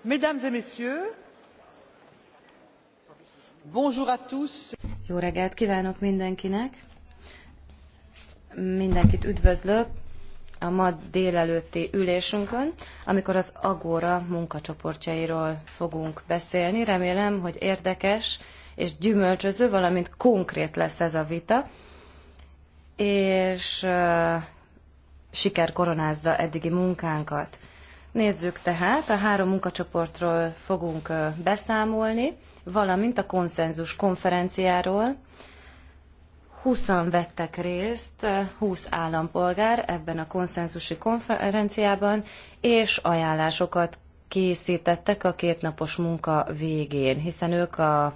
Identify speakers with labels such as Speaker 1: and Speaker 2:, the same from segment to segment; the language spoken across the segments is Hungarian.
Speaker 1: mesdames et messieurs bonjour à tous
Speaker 2: jó reggelt kívánok mindenkinek mindenkit üdvözlök a ma délelőtti ülésünkön, amikor az Agora munkacsoportjairól fogunk beszélni. Remélem, hogy érdekes és gyümölcsöző, valamint konkrét lesz ez a vita, és uh, siker koronázza eddigi munkánkat. Nézzük tehát, a három munkacsoportról fogunk beszámolni, valamint a konszenzus konferenciáról. 20 vettek részt, 20 állampolgár ebben a konszenzusi konferenciában, és ajánlásokat készítettek a kétnapos munka végén, hiszen ők a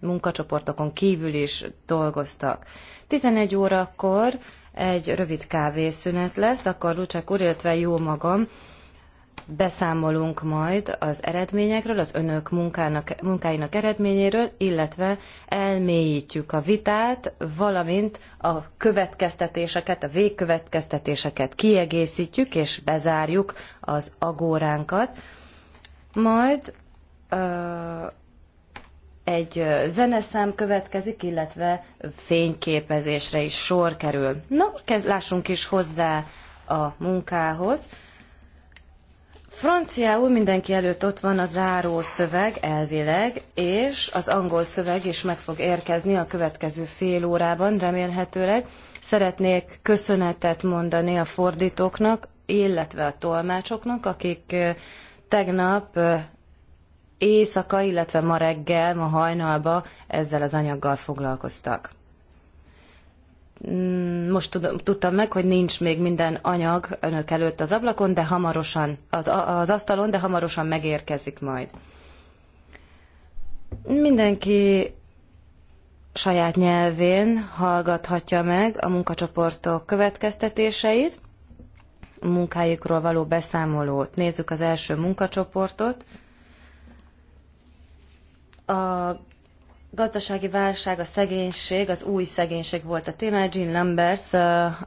Speaker 2: munkacsoportokon kívül is dolgoztak. 11 órakor egy rövid kávészünet lesz, akkor Lucsek úr, illetve jó magam beszámolunk majd az eredményekről, az önök munkának, munkáinak eredményéről, illetve elmélyítjük a vitát, valamint a következtetéseket, a végkövetkeztetéseket kiegészítjük és bezárjuk az agóránkat. Majd ö, egy zeneszám következik, illetve fényképezésre is sor kerül. Na, kezd, lássunk is hozzá a munkához. Franciául mindenki előtt ott van a záró szöveg elvileg, és az angol szöveg is meg fog érkezni a következő fél órában remélhetőleg. Szeretnék köszönetet mondani a fordítóknak, illetve a tolmácsoknak, akik tegnap éjszaka, illetve ma reggel, ma hajnalba ezzel az anyaggal foglalkoztak. Mm, most tudom, tudtam meg, hogy nincs még minden anyag önök előtt az ablakon, de hamarosan, az, az asztalon, de hamarosan megérkezik majd. Mindenki saját nyelvén hallgathatja meg a munkacsoportok következtetéseit, a munkájukról való beszámolót. Nézzük az első munkacsoportot. A gazdasági válság, a szegénység, az új szegénység volt a téma. Jean Lambers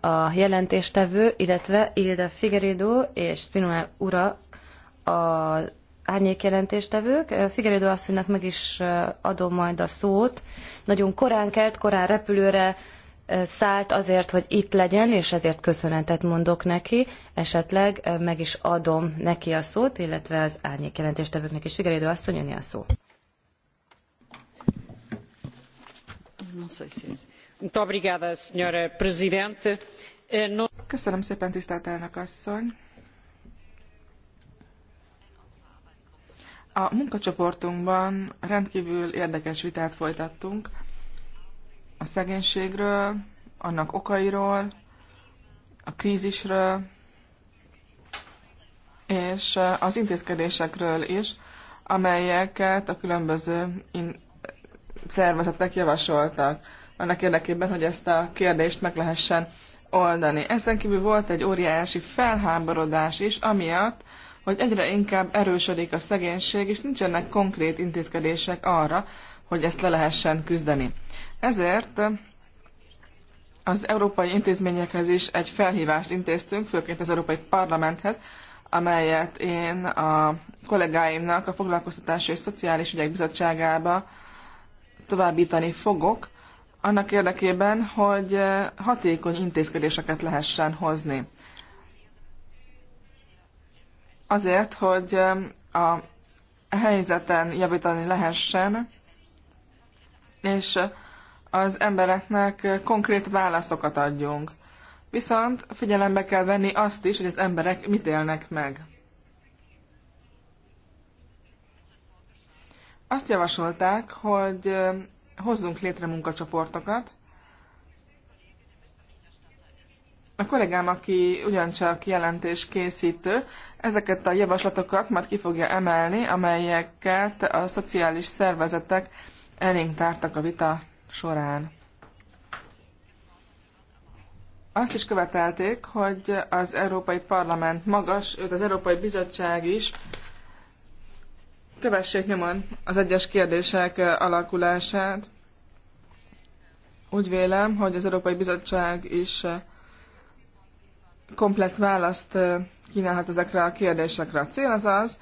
Speaker 2: a jelentéstevő, illetve Ilda Figueredo és Spinola ura a árnyék jelentéstevők. Figueredo asszonynak meg is adom majd a szót. Nagyon korán kelt, korán repülőre szállt azért, hogy itt legyen, és ezért köszönetet mondok neki. Esetleg meg is adom neki a szót, illetve az árnyék jelentéstevőknek is. Figueredo asszony, jönni a szó.
Speaker 1: Eh, Köszönöm szépen, tisztelt elnök asszony! A munkacsoportunkban rendkvül érdekes vitát folytattunk a szegénységről, annak okairól, a krízisről, és eh, az intézkedésekről is, amelyeket a különböző szervezetek javasoltak, annak érdekében, hogy ezt a kérdést meg lehessen oldani. Ezen kívül volt egy óriási felháborodás is, amiatt, hogy egyre inkább erősödik a szegénység, és nincsenek konkrét intézkedések arra, hogy ezt le lehessen küzdeni. Ezért az európai intézményekhez is egy felhívást intéztünk, főként az Európai Parlamenthez, amelyet én a kollégáimnak a Foglalkoztatási és Szociális Ügyek Bizottságába továbbítani fogok, annak érdekében, hogy eh, hatékony intézkedéseket lehessen hozni. Azért, hogy eh, a helyzeten javítani lehessen, és eh, az embereknek konkrét válaszokat adjunk. Viszont figyelembe kell venni azt is, hogy az emberek mit élnek meg. Azt javasolták, hogy hozzunk létre munkacsoportokat. A kollégám, aki ugyancsak jelentés készítő, ezeket a javaslatokat majd ki fogja emelni, amelyeket a szociális szervezetek elénk tártak a vita során. Azt is követelték, hogy az Európai Parlament magas, őt az Európai Bizottság is kövessék nyomon az egyes kérdések eh, alakulását. Úgy vélem, hogy az Európai Bizottság is eh, komplett választ eh, kínálhat ezekre a kérdésekre. A cél az az,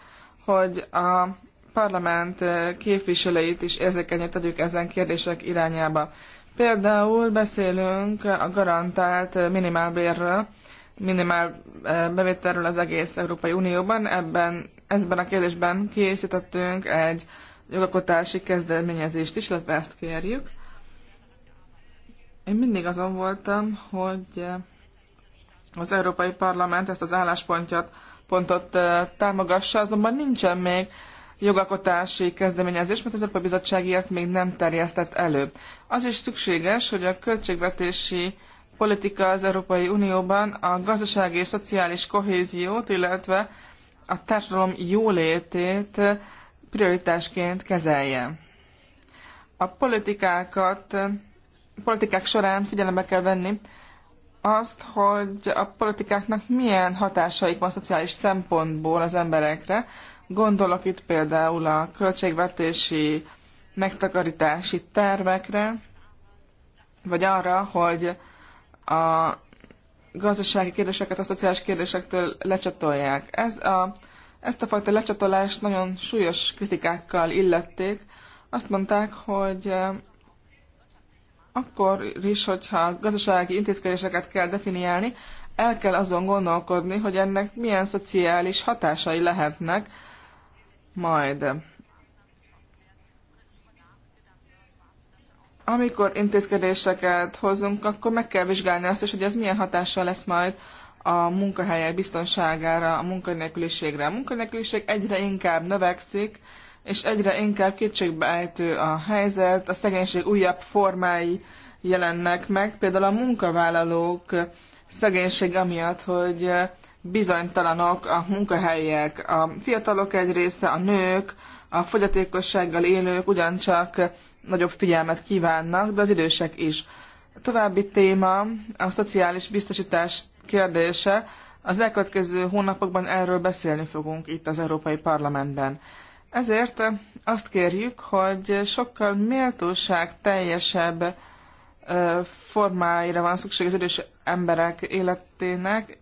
Speaker 1: hogy a parlament képviselőit is érzékenyé tegyük ezen kérdések irányába. Például beszélünk a garantált minimálbérről, minimál eh, bevételről az egész Európai Unióban. Ebben, ezben a kérdésben készítettünk egy jogakotási kezdeményezést is, illetve ezt kérjük. Én mindig azon voltam, hogy eh, az Európai Parlament ezt az álláspontot pontot eh, támogassa, azonban nincsen még jogakotási kezdeményezés, mert az Európai Bizottság ilyet még nem terjesztett elő. Az is szükséges, hogy a költségvetési politika az Európai Unióban a gazdasági és szociális kohéziót, illetve a társadalom jólétét prioritásként kezelje. A politikákat, politikák során figyelembe kell venni azt, hogy a politikáknak milyen hatásaik van szociális szempontból az emberekre. Gondolok itt például a költségvetési, megtakarítási tervekre, vagy arra, hogy a gazdasági kérdéseket a szociális kérdésektől lecsatolják. Ez a, ezt a fajta lecsatolást nagyon súlyos kritikákkal illették. Azt mondták, hogy eh, akkor is, hogyha gazdasági intézkedéseket kell definiálni, el kell azon gondolkodni, hogy ennek milyen szociális hatásai lehetnek majd. amikor intézkedéseket hozunk, akkor meg kell vizsgálni azt is, hogy ez milyen hatással lesz majd a munkahelyek biztonságára, a munkanélküliségre. A munkanélküliség egyre inkább növekszik, és egyre inkább kétségbeejtő a helyzet, a szegénység újabb formái jelennek meg, például a munkavállalók szegénység amiatt, hogy bizonytalanok a munkahelyek. A fiatalok egy része, a nők, a fogyatékossággal élők ugyancsak nagyobb figyelmet kívánnak, de az idősek is. A további téma a szociális biztosítás kérdése. Az elkövetkező hónapokban erről beszélni fogunk itt az Európai Parlamentben. Ezért azt kérjük, hogy sokkal méltóság teljesebb formáira van szükség az idős emberek életének.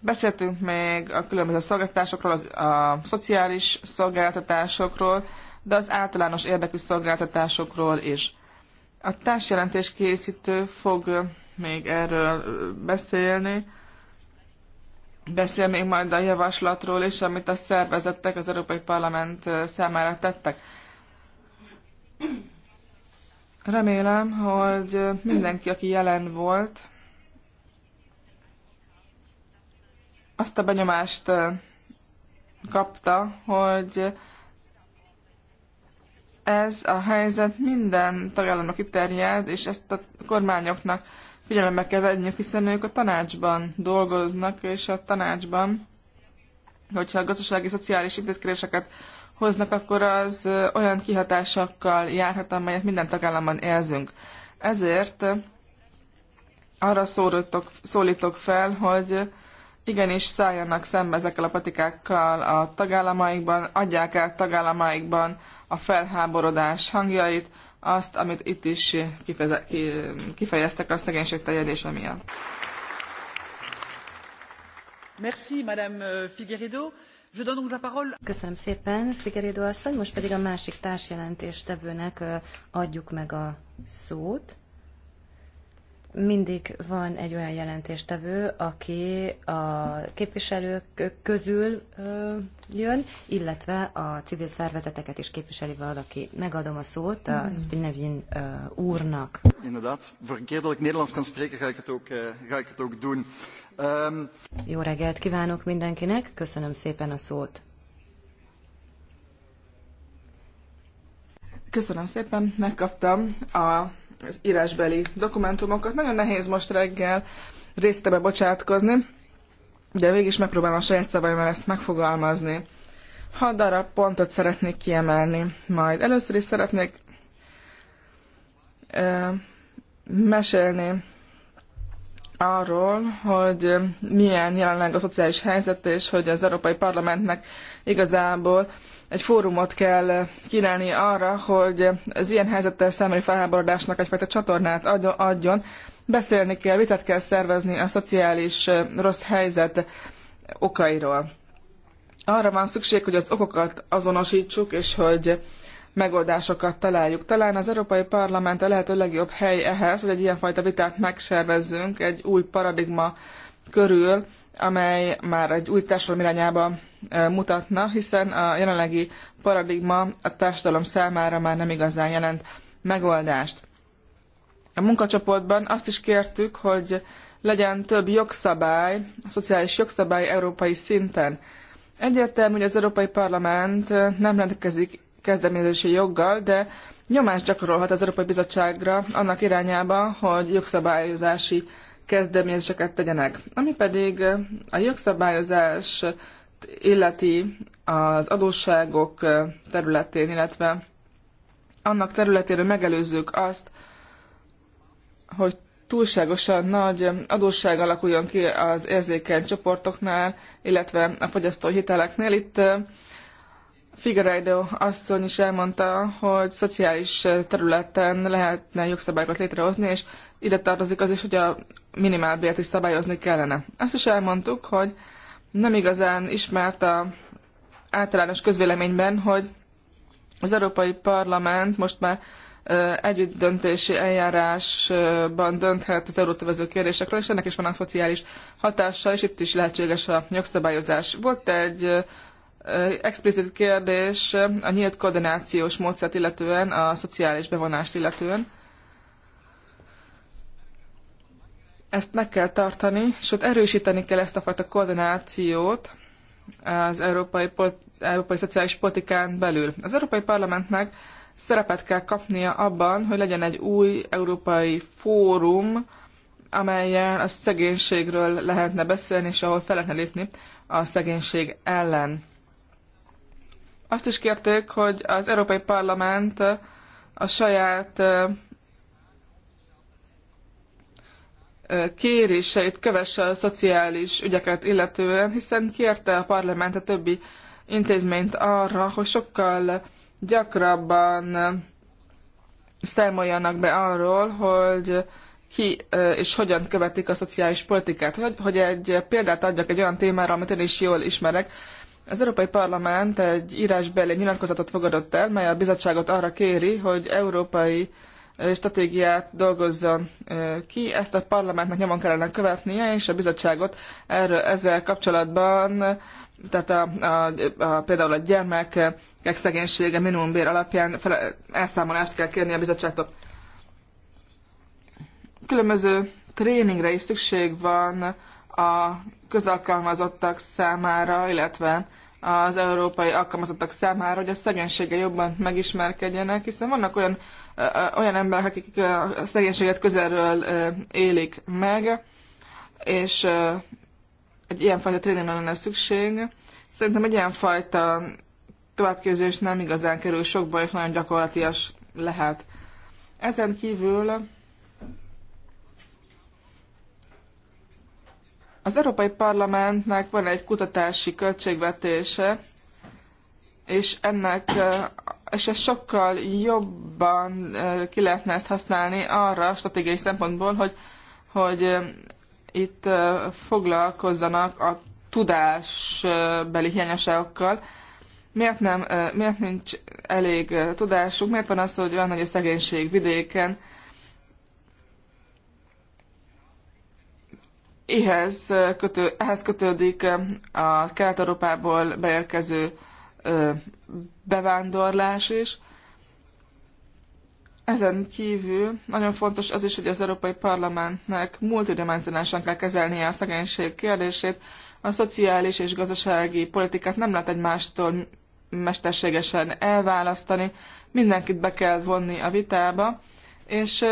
Speaker 1: Beszéltünk még a különböző szolgáltatásokról, a szociális szolgáltatásokról, de az általános érdekű szolgáltatásokról is. A társjelentés készítő fog még erről beszélni, beszél még majd a javaslatról is, amit a szervezettek az Európai Parlament számára tettek. Remélem, hogy mindenki, aki jelen volt, azt a benyomást kapta, hogy ez a helyzet minden tagállamra kiterjed, és ezt a kormányoknak figyelembe kell venniük, hiszen ők a tanácsban dolgoznak, és a tanácsban, hogyha a gazdasági, szociális intézkedéseket hoznak, akkor az olyan kihatásokkal járhat, amelyet minden tagállamban érzünk. Ezért arra szólítok, szólítok fel, hogy igenis szálljanak szembe ezekkel a patikákkal a tagállamaikban, adják el tagállamaikban a felháborodás hangjait, azt, amit itt is kifeze, ki, kifejeztek a szegénység terjedése miatt. Merci, Madame euh, Figueredo. Je donne donc la parole.
Speaker 2: Köszönöm szépen, Figueredo asszony. Most pedig a másik társjelentéstevőnek euh, adjuk meg a szót mindig van egy olyan jelentéstevő, aki a képviselők közül jön, illetve a civil szervezeteket is képviseli valaki. Megadom a szót a mm-hmm. Spinevin úrnak.
Speaker 1: Inderdaad, verkeerd dat ik Nederlands kan spreken, ga ik het ook, eh, ga ik het ook doen. Um...
Speaker 2: Jó reggelt kívánok mindenkinek, köszönöm szépen a
Speaker 1: szót. Köszönöm szépen, megkaptam a az írásbeli dokumentumokat. Nagyon nehéz most reggel résztebe bocsátkozni, de is megpróbálom a saját szabályommal ezt megfogalmazni. Hat darab pontot szeretnék kiemelni majd. Először is szeretnék ö, eh, mesélni arról, hogy milyen jelenleg a szociális helyzet, és hogy az Európai Parlamentnek igazából egy fórumot kell kínálni arra, hogy az ilyen helyzettel szemeli felháborodásnak egyfajta csatornát adjon. Beszélni kell, vitát kell szervezni a szociális rossz helyzet okairól. Arra van szükség, hogy az okokat azonosítsuk, és hogy megoldásokat találjuk. Talán az Európai Parlament a lehető legjobb hely ehhez, hogy egy ilyenfajta vitát megszervezzünk egy új paradigma körül, amely már egy új társadalom irányába e, mutatna, hiszen a jelenlegi paradigma a társadalom számára már nem igazán jelent megoldást. A munkacsoportban azt is kértük, hogy legyen több jogszabály, a szociális jogszabály európai szinten. Egyértelmű, hogy az Európai Parlament e, nem rendelkezik kezdeményezési joggal, de nyomást gyakorolhat az Európai Bizottságra annak irányába, hogy jogszabályozási kezdeményezéseket tegyenek. Ami pedig a jogszabályozás illeti az adósságok területén, illetve annak területéről megelőzzük azt, hogy túlságosan nagy adósság alakuljon ki az érzékeny csoportoknál, illetve a fogyasztói hiteleknél. Itt Figueiredo asszony is elmondta, hogy szociális területen lehetne jogszabályokat létrehozni, és ide tartozik az is, hogy a minimálbért is szabályozni kellene. Azt is elmondtuk, hogy nem igazán ismert a általános közvéleményben, hogy az Európai Parlament most már együtt döntési eljárásban dönthet az eurótövező kérdésekről, és ennek is van a szociális hatása, és itt is lehetséges a jogszabályozás. Volt egy explicit kérdés a nyílt koordinációs módszert illetően, a szociális bevonást illetően. Ezt meg kell tartani, sőt erősíteni kell ezt a fajta koordinációt az európai, európai szociális politikán belül. Az Európai Parlamentnek szerepet kell kapnia abban, hogy legyen egy új európai fórum, amelyen a szegénységről lehetne beszélni, és ahol fel lehetne lépni a szegénység ellen. Azt is kérték, hogy az Európai Parlament a saját kéréseit kövesse a szociális ügyeket illetően, hiszen kérte a parlament a többi intézményt arra, hogy sokkal gyakrabban számoljanak be arról, hogy ki és hogyan követik a szociális politikát. Hogy, hogy egy példát adjak egy olyan témára, amit én is jól ismerek, az Európai Parlament egy írásbeli nyilatkozatot fogadott el, mely a bizottságot arra kéri, hogy európai stratégiát dolgozzon ki. Ezt a parlamentnek nyomon kellene követnie, és a bizottságot erről ezzel kapcsolatban, tehát a, a, a, például a gyermekek szegénysége minimumbér alapján fele, elszámolást kell kérni a bizottságtól. Különböző tréningre is szükség van a közalkalmazottak számára, illetve az európai alkalmazottak számára, hogy a szegénységgel jobban megismerkedjenek, hiszen vannak olyan, olyan emberek, akik a szegénységet közelről élik meg, és egy ilyenfajta tréningre lenne szükség. Szerintem egy ilyenfajta továbbképzés nem igazán kerül sokba, és nagyon gyakorlatias lehet. Ezen kívül Az Európai Parlamentnek van egy kutatási költségvetése, és ennek, és ez sokkal jobban ki lehetne ezt használni arra stratégiai szempontból, hogy, hogy itt foglalkozzanak a tudásbeli hiányosságokkal. Miért, nem, miért nincs elég tudásuk? Miért van az, hogy olyan nagy a szegénység vidéken, ehhez, kötő, ehhez kötődik a Kelet-Európából beérkező bevándorlás is. Ezen kívül nagyon fontos az is, hogy az Európai Parlamentnek multidimenzionálisan kell kezelnie a szegénység kérdését. A szociális és gazdasági politikát nem lehet egymástól mesterségesen elválasztani, mindenkit be kell vonni a vitába, és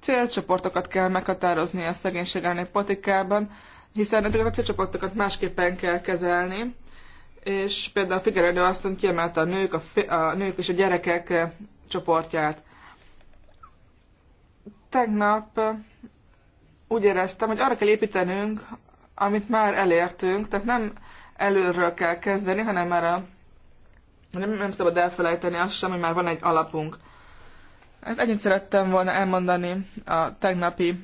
Speaker 1: célcsoportokat kell meghatározni a szegénység elleni politikában, hiszen ezeket a célcsoportokat másképpen kell kezelni, és például Figerelő asszony kiemelte a nők, a, fi, a nők és a gyerekek eh, csoportját. Tegnap eh, úgy éreztem, hogy arra kell építenünk, amit már elértünk, tehát nem előről kell kezdeni, hanem már a, nem, nem szabad elfelejteni azt sem, hogy már van egy alapunk. Hát ennyit szerettem volna elmondani a tegnapi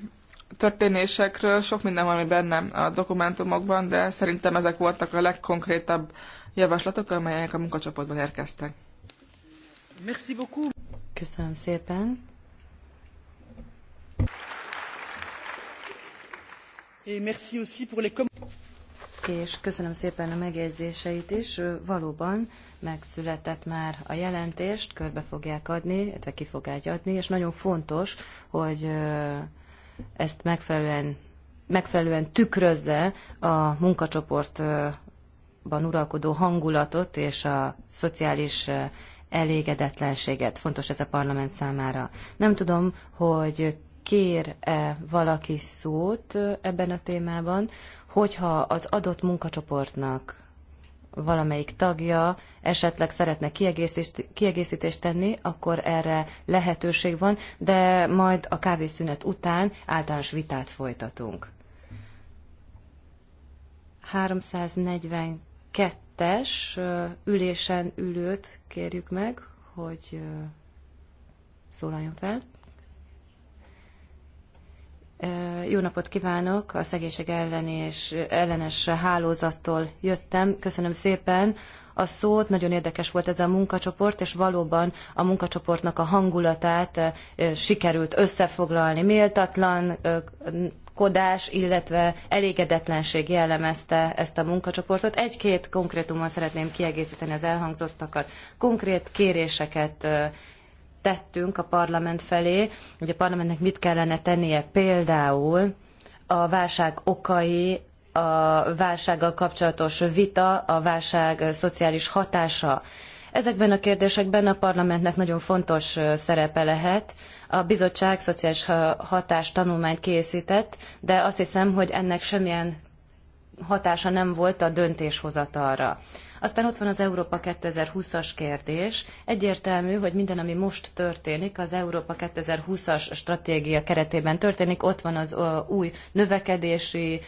Speaker 1: történésekről. Sok minden van, ami benne a dokumentumokban, de szerintem ezek voltak a legkonkrétabb javaslatok, amelyek a munkacsoportban érkeztek. Merci beaucoup. Köszönöm szépen. Et merci aussi pour les
Speaker 2: és köszönöm szépen a megjegyzéseit is. Valóban megszületett már a jelentést, körbe fogják adni, illetve ki fogják adni, és nagyon fontos, hogy ezt megfelelően, megfelelően tükrözze a munkacsoportban uralkodó hangulatot és a szociális elégedetlenséget. Fontos ez a parlament számára. Nem tudom, hogy kér-e valaki szót ebben a témában, hogyha az adott munkacsoportnak valamelyik tagja esetleg szeretne kiegészítést, kiegészítést tenni, akkor erre lehetőség van, de majd a kávészünet után általános vitát folytatunk. 342-es ülésen ülőt kérjük meg, hogy szólaljon fel. Jó napot kívánok! A szegénység elleni és ellenes hálózattól jöttem. Köszönöm szépen a szót, nagyon érdekes volt ez a munkacsoport, és valóban a munkacsoportnak a hangulatát sikerült összefoglalni. Méltatlan kodás, illetve elégedetlenség jellemezte ezt a munkacsoportot. Egy-két konkrétummal szeretném kiegészíteni az elhangzottakat. Konkrét kéréseket tettünk a parlament felé, hogy a parlamentnek mit kellene tennie például a válság okai, a válsággal kapcsolatos vita, a válság szociális hatása. Ezekben a kérdésekben a parlamentnek nagyon fontos szerepe lehet. A bizottság szociális hatás tanulmányt készített, de azt hiszem, hogy ennek semmilyen hatása nem volt a döntéshozatalra. Aztán ott van az Európa 2020-as kérdés. Egyértelmű, hogy minden, ami most történik, az Európa 2020-as stratégia keretében történik. Ott van az új növekedési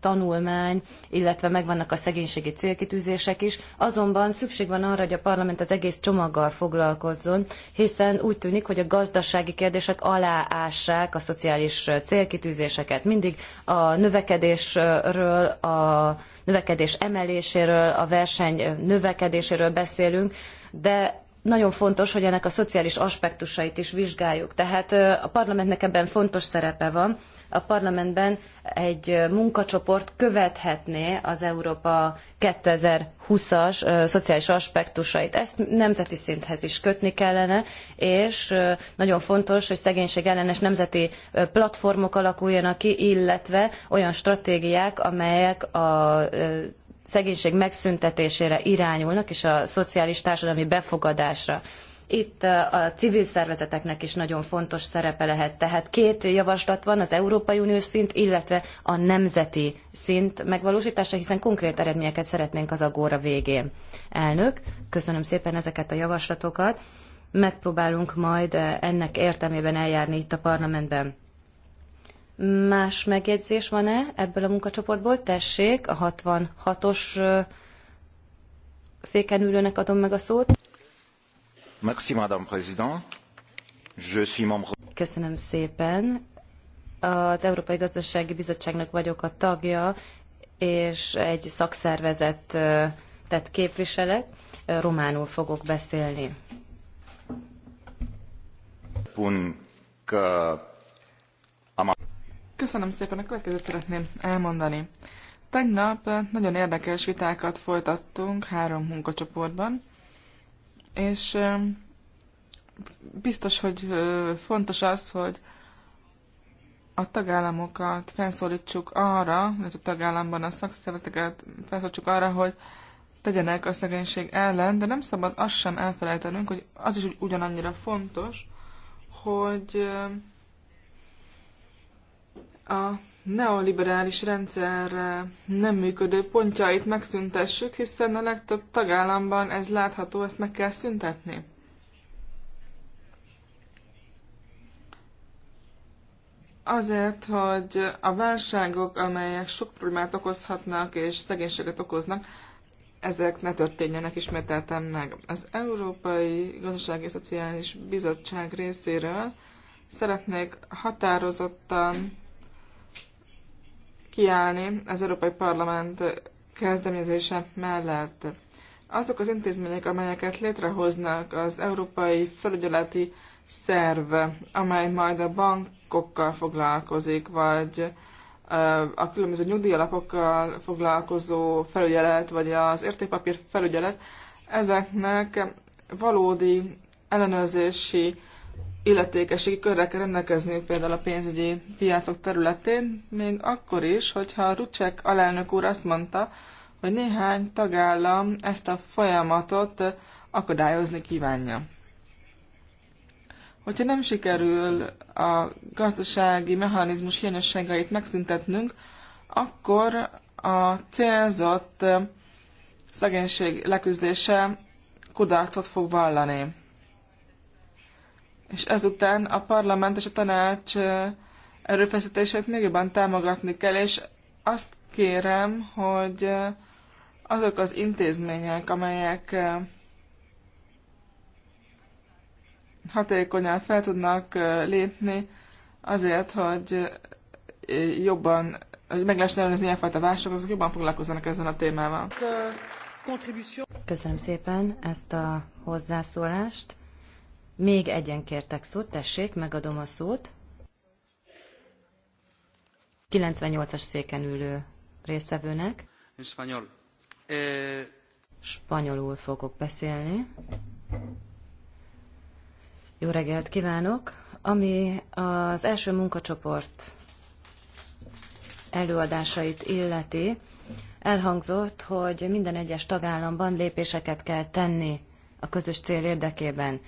Speaker 2: tanulmány, illetve megvannak a szegénységi célkitűzések is, azonban szükség van arra, hogy a parlament az egész csomaggal foglalkozzon, hiszen úgy tűnik, hogy a gazdasági kérdések aláássák a szociális célkitűzéseket. Mindig a növekedésről, a növekedés emeléséről, a verseny növekedéséről beszélünk, de nagyon fontos, hogy ennek a szociális aspektusait is vizsgáljuk. Tehát a parlamentnek ebben fontos szerepe van. A parlamentben egy munkacsoport követhetné az Európa 2020-as szociális aspektusait. Ezt nemzeti szinthez is kötni kellene, és nagyon fontos, hogy szegénység ellenes nemzeti platformok alakuljanak ki, illetve olyan stratégiák, amelyek a szegénység megszüntetésére irányulnak, és a szociális társadalmi befogadásra. Itt a civil szervezeteknek is nagyon fontos szerepe lehet. Tehát két javaslat van, az Európai Uniós szint, illetve a nemzeti szint megvalósítása, hiszen konkrét eredményeket szeretnénk az agóra végén. Elnök, köszönöm szépen ezeket a javaslatokat. Megpróbálunk majd ennek értelmében eljárni itt a parlamentben. Más megjegyzés van-e ebből a munkacsoportból? Tessék, a 66-os széken ülőnek adom meg a szót.
Speaker 1: Merci, Madame Président. Je suis membre...
Speaker 2: Köszönöm szépen. Az Európai Gazdasági Bizottságnak vagyok a tagja, és egy szakszervezet tehát képviselek, románul fogok beszélni.
Speaker 1: Pun că am Köszönöm szépen, a következőt szeretném elmondani. Tegnap eh, nagyon érdekes vitákat folytattunk három munkacsoportban, és eh, biztos, hogy eh, fontos az, hogy a tagállamokat felszólítsuk arra, illetve a tagállamban a szakszervezeteket felszólítsuk arra, hogy tegyenek a szegénység ellen, de nem szabad azt sem elfelejtenünk, hogy az is ugyanannyira fontos, hogy a neoliberális rendszer eh, nem működő pontjait megszüntessük, hiszen a legtöbb tagállamban ez látható, ezt meg kell szüntetni. Azért, hogy a válságok, amelyek sok problémát okozhatnak és szegénységet okoznak, ezek ne történjenek ismételtem meg. Az Európai Gazdasági és Szociális Bizottság részéről szeretnék határozottan kiállni az Európai Parlament kezdeményezése mellett. Azok az intézmények, amelyeket létrehoznak az Európai Felügyeleti Szerv, amely majd a bankokkal foglalkozik, vagy a különböző nyugdíjalapokkal foglalkozó felügyelet, vagy az értékpapír felügyelet, ezeknek valódi ellenőrzési illetékességi körre kell rendelkezniük például a pénzügyi piacok területén, még akkor is, hogyha Rucsek alelnök úr azt mondta, hogy néhány tagállam ezt a folyamatot akadályozni kívánja. Hogyha nem sikerül a gazdasági mechanizmus hiányosságait megszüntetnünk, akkor a célzott szegénység leküzdése kudarcot fog vallani és ezután a parlament és a tanács erőfeszítését még jobban támogatni kell, és azt kérem, hogy azok az intézmények, amelyek hatékonyan fel tudnak lépni azért, hogy jobban, hogy meg lehessen előzni ilyenfajta válságok, azok jobban foglalkoznak ezzel a témával. Köszönöm
Speaker 2: szépen ezt a hozzászólást. Még egyen kértek szót, tessék, megadom a szót. 98-as széken ülő résztvevőnek.
Speaker 1: Spanyol. Eh...
Speaker 2: Spanyolul fogok beszélni. Jó reggelt kívánok! Ami az első munkacsoport előadásait illeti, elhangzott, hogy minden egyes tagállamban lépéseket kell tenni a közös cél érdekében.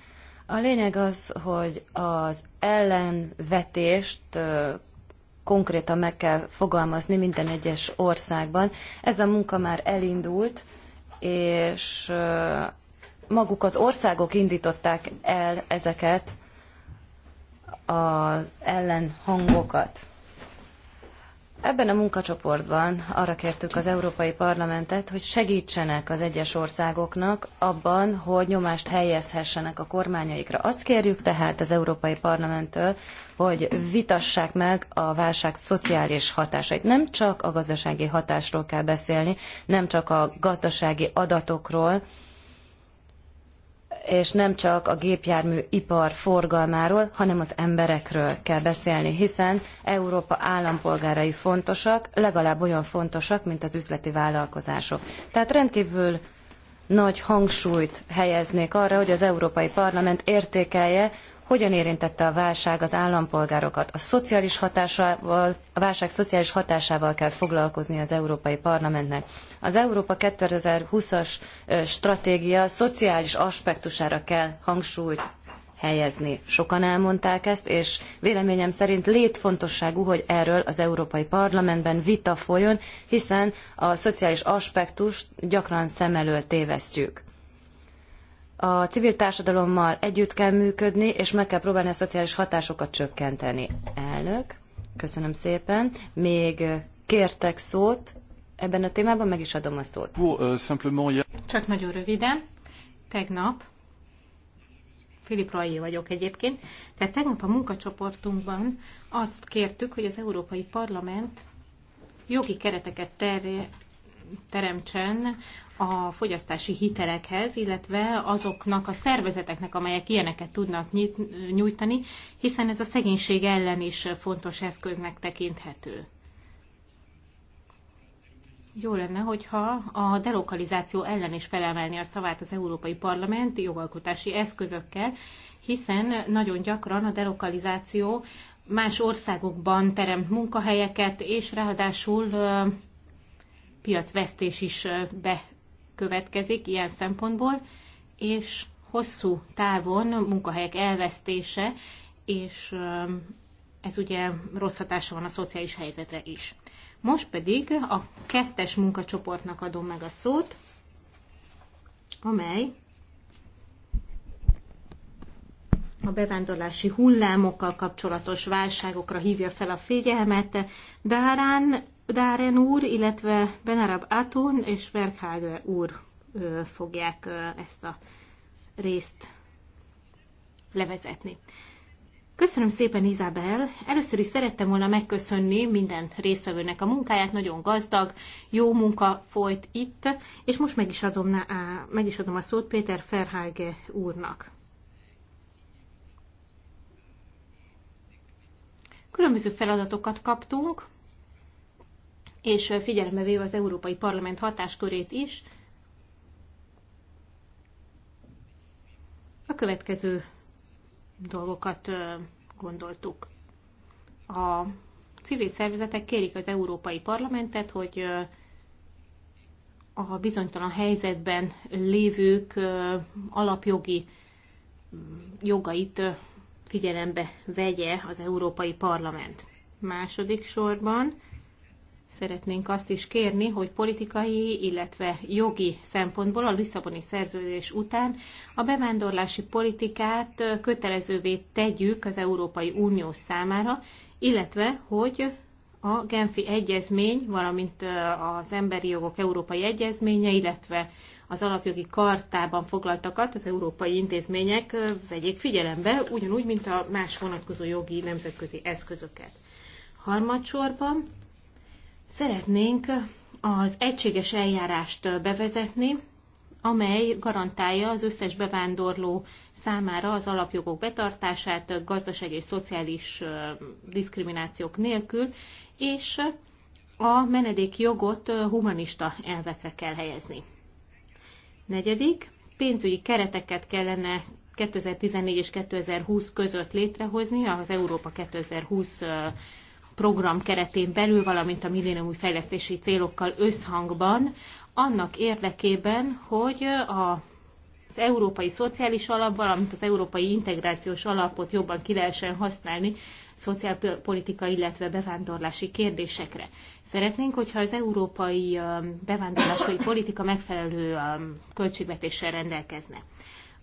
Speaker 2: A lényeg az, hogy az ellenvetést konkrétan meg kell fogalmazni minden egyes országban. Ez a munka már elindult, és maguk az országok indították el ezeket az ellenhangokat. Ebben a munkacsoportban arra kértük az Európai Parlamentet, hogy segítsenek az egyes országoknak abban, hogy nyomást helyezhessenek a kormányaikra. Azt kérjük tehát az Európai Parlamenttől, hogy vitassák meg a válság szociális hatásait. Nem csak a gazdasági hatásról kell beszélni, nem csak a gazdasági adatokról, és nem csak a gépjármű ipar forgalmáról, hanem az emberekről kell beszélni, hiszen Európa állampolgárai fontosak, legalább olyan fontosak, mint az üzleti vállalkozások. Tehát rendkívül nagy hangsúlyt helyeznék arra, hogy az Európai Parlament értékelje hogyan érintette a válság az állampolgárokat. A, szociális hatásával, a válság szociális hatásával kell foglalkozni az Európai Parlamentnek. Az Európa 2020-as stratégia szociális aspektusára kell hangsúlyt helyezni. Sokan elmondták ezt, és véleményem szerint létfontosságú, hogy erről az Európai Parlamentben vita folyjon, hiszen a szociális aspektust gyakran szem elől tévesztjük a civil társadalommal együtt kell működni, és meg kell próbálni a szociális hatásokat csökkenteni. Elnök, köszönöm szépen. Még kértek szót ebben a témában, meg is adom a szót. Euh,
Speaker 3: Csak nagyon röviden. Tegnap, Filip Rajé vagyok egyébként, tehát tegnap a munkacsoportunkban azt kértük, hogy az Európai Parlament jogi kereteket teremtsen a fogyasztási hitelekhez, illetve azoknak a szervezeteknek, amelyek ilyeneket tudnak nyújtani, hiszen ez a szegénység ellen is fontos eszköznek tekinthető. Jó lenne, hogyha a delokalizáció ellen is felemelni a szavát az Európai Parlament jogalkotási eszközökkel, hiszen nagyon gyakran a delokalizáció más országokban teremt munkahelyeket, és ráadásul piacvesztés is bekövetkezik ilyen szempontból, és hosszú távon munkahelyek elvesztése, és ez ugye rossz hatása van a szociális helyzetre is. Most pedig a kettes munkacsoportnak adom meg a szót, amely a bevándorlási hullámokkal kapcsolatos válságokra hívja fel a figyelmet. Dárán Dáren úr, illetve Benarab Atun és Verkhage úr fogják ezt a részt levezetni. Köszönöm szépen, Izabel! Először is szerettem volna megköszönni minden részvevőnek a munkáját, nagyon gazdag, jó munka folyt itt, és most meg is adom, meg is adom a szót Péter Ferhage úrnak. Különböző feladatokat kaptunk, és figyelembe véve az Európai Parlament hatáskörét is, a következő dolgokat gondoltuk. A civil szervezetek kérik az Európai Parlamentet, hogy a bizonytalan helyzetben lévők alapjogi mm, jogait figyelembe vegye az Európai Parlament. Második sorban szeretnénk azt is kérni, hogy politikai, illetve jogi szempontból a Lisszaboni szerződés után a bevándorlási politikát kötelezővé tegyük az Európai Unió számára, illetve hogy a Genfi Egyezmény, valamint az Emberi Jogok Európai Egyezménye, illetve az alapjogi kartában foglaltakat az európai intézmények vegyék figyelembe, ugyanúgy, mint a más vonatkozó jogi nemzetközi eszközöket. Harmadsorban Szeretnénk az egységes eljárást bevezetni, amely garantálja az összes bevándorló számára az alapjogok betartását gazdasági és szociális diszkriminációk nélkül, és a menedékjogot humanista elvekre kell helyezni. Negyedik, pénzügyi kereteket kellene 2014 és 2020 között létrehozni az Európa 2020 program keretén belül, valamint a milléniumi fejlesztési célokkal összhangban, annak érdekében, hogy a az európai szociális alap, valamint az európai integrációs alapot jobban ki lehessen használni szociálpolitika, illetve bevándorlási kérdésekre. Szeretnénk, hogyha az európai bevándorlási politika megfelelő költségvetéssel rendelkezne.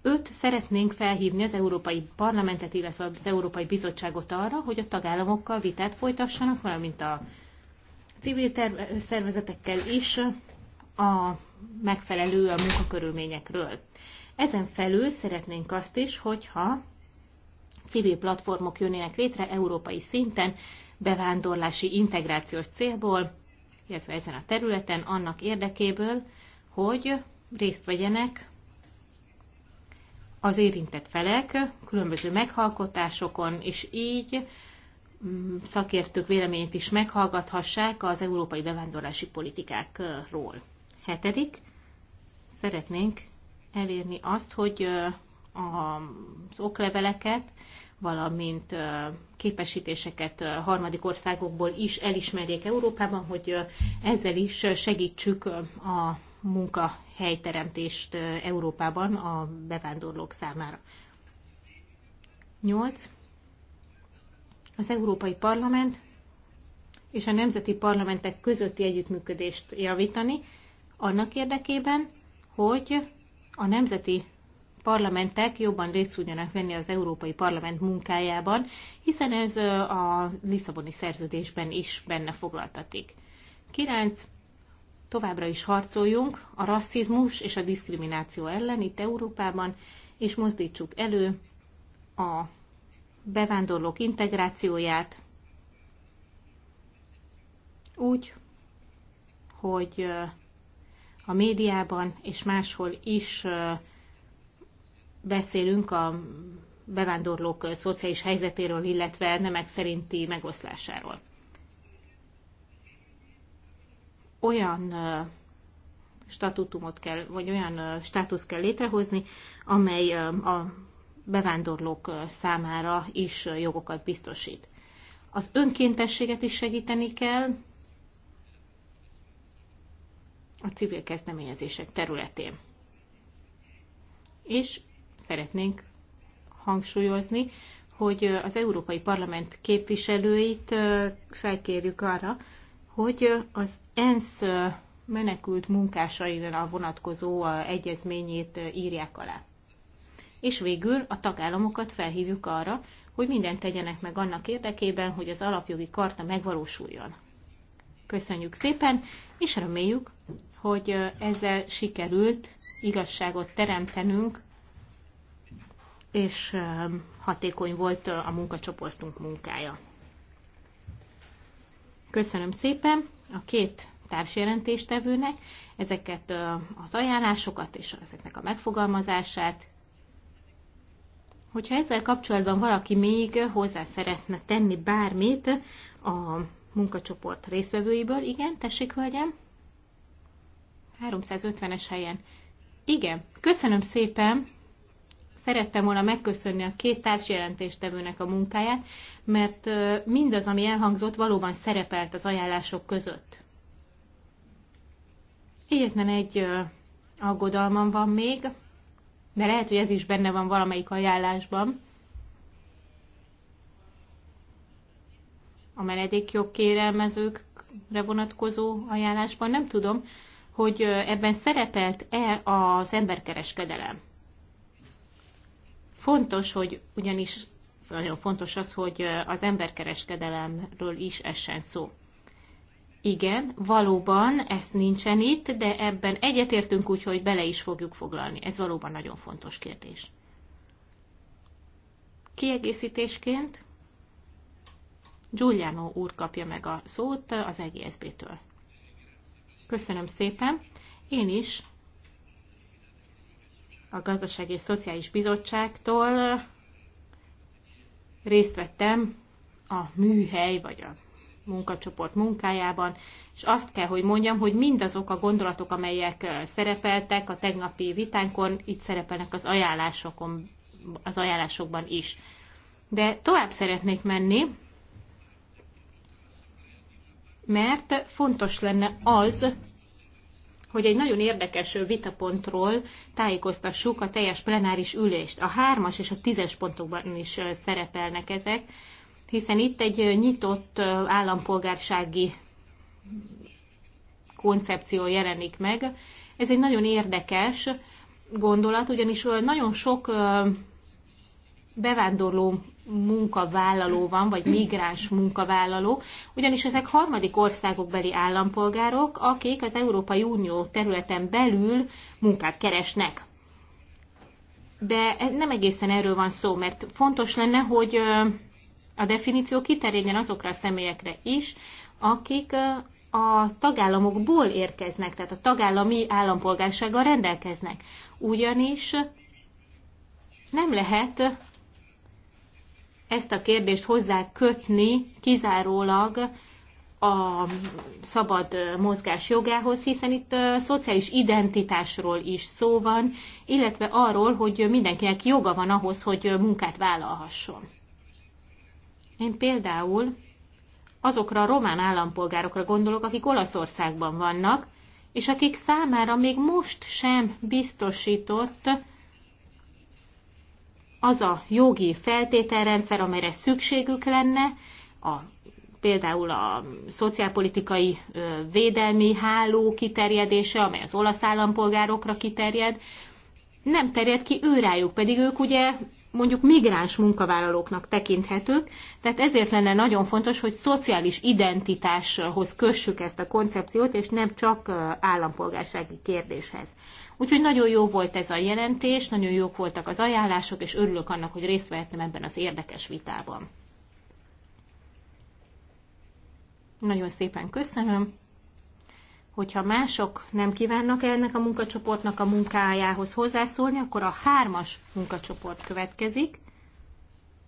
Speaker 3: Öt, szeretnénk felhívni az Európai Parlamentet, illetve az Európai Bizottságot arra, hogy a tagállamokkal vitát folytassanak, valamint a civil szervezetekkel is a megfelelő a munkakörülményekről. Ezen felül szeretnénk azt is, hogyha civil platformok jönnének létre európai szinten bevándorlási integrációs célból, illetve ezen a területen annak érdekéből, hogy részt vegyenek az érintett felek különböző meghallgatásokon, és így mm, szakértők véleményét is meghallgathassák az európai bevándorlási politikákról. Hetedik, szeretnénk elérni azt, hogy az okleveleket, valamint képesítéseket harmadik országokból is elismerjék Európában, hogy ezzel is segítsük a munkahelyteremtést Európában a bevándorlók számára. 8. Az Európai Parlament és a nemzeti parlamentek közötti együttműködést javítani, annak érdekében, hogy a nemzeti parlamentek jobban részt tudjanak venni az Európai Parlament munkájában, hiszen ez a Lisszaboni szerződésben is benne foglaltatik. 9 továbbra is harcoljunk a rasszizmus és a diszkrimináció ellen itt Európában, és mozdítsuk elő a bevándorlók integrációját úgy, hogy a médiában és máshol is beszélünk a bevándorlók szociális helyzetéről, illetve nemek szerinti megoszlásáról. olyan statutumot kell, vagy olyan státusz kell létrehozni, amely a bevándorlók számára is jogokat biztosít. Az önkéntességet is segíteni kell a civil kezdeményezések területén. És szeretnénk hangsúlyozni, hogy az Európai Parlament képviselőit felkérjük arra, hogy az ENSZ menekült munkásaira vonatkozó egyezményét írják alá. És végül a tagállamokat felhívjuk arra, hogy mindent tegyenek meg annak érdekében, hogy az alapjogi karta megvalósuljon. Köszönjük szépen, és reméljük, hogy ezzel sikerült igazságot teremtenünk, és um, hatékony volt a munkacsoportunk munkája. Köszönöm szépen a két társjelentéstevőnek ezeket az ajánlásokat és ezeknek a megfogalmazását. Hogyha ezzel kapcsolatban valaki még hozzá szeretne tenni bármit a munkacsoport részvevőiből, igen, tessék, hölgyem, 350-es helyen. Igen, köszönöm szépen szerettem volna megköszönni a két társjelentéstevőnek a munkáját, mert mindaz, ami elhangzott, valóban szerepelt az ajánlások között. Egyetlen egy aggodalmam van még, de lehet, hogy ez is benne van valamelyik ajánlásban. A menedékjog kérelmezőkre vonatkozó ajánlásban nem tudom, hogy ebben szerepelt-e az emberkereskedelem. Fontos, hogy ugyanis nagyon fontos az, hogy az emberkereskedelemről is essen szó. Igen, valóban ez nincsen itt, de ebben egyetértünk úgy, hogy bele is fogjuk foglalni. Ez valóban nagyon fontos kérdés. Kiegészítésként Giuliano úr kapja meg a szót az EGSB-től. Köszönöm szépen. Én is a Gazdasági és Szociális Bizottságtól részt vettem a műhely vagy a munkacsoport munkájában, és azt kell, hogy mondjam, hogy mindazok a gondolatok, amelyek szerepeltek a tegnapi vitánkon, itt szerepelnek az, ajánlásokon, az ajánlásokban is. De tovább szeretnék menni, mert fontos lenne az, hogy egy nagyon érdekes vitapontról tájékoztassuk a teljes plenáris ülést. A hármas és a tízes pontokban is szerepelnek ezek, hiszen itt egy nyitott állampolgársági koncepció jelenik meg. Ez egy nagyon érdekes gondolat, ugyanis nagyon sok bevándorló munkavállaló van, vagy migráns munkavállaló ugyanis ezek harmadik országokbeli állampolgárok, akik az Európai Unió területen belül munkát keresnek. De e- nem egészen erről van szó, mert fontos lenne, hogy a definíció kiterjedjen azokra a személyekre is, akik a tagállamokból érkeznek, tehát a tagállami állampolgársággal rendelkeznek. Ugyanis nem lehet ezt a kérdést hozzá kötni kizárólag a szabad mozgás jogához, hiszen itt szociális identitásról is szó van, illetve arról, hogy mindenkinek joga van ahhoz, hogy munkát vállalhasson. Én például azokra a román állampolgárokra gondolok, akik Olaszországban vannak, és akik számára még most sem biztosított az a jogi feltételrendszer, amelyre szükségük lenne, a, például a szociálpolitikai védelmi háló kiterjedése, amely az olasz állampolgárokra kiterjed, nem terjed ki őrájuk, pedig ők ugye mondjuk migráns munkavállalóknak tekinthetők, tehát ezért lenne nagyon fontos, hogy szociális identitáshoz kössük ezt a koncepciót, és nem csak állampolgársági kérdéshez. Úgyhogy nagyon jó volt ez a jelentés, nagyon jók voltak az ajánlások, és örülök annak, hogy részt vehettem ebben az érdekes vitában. Nagyon szépen köszönöm. Hogyha mások nem kívánnak ennek a munkacsoportnak a munkájához hozzászólni, akkor a hármas munkacsoport következik.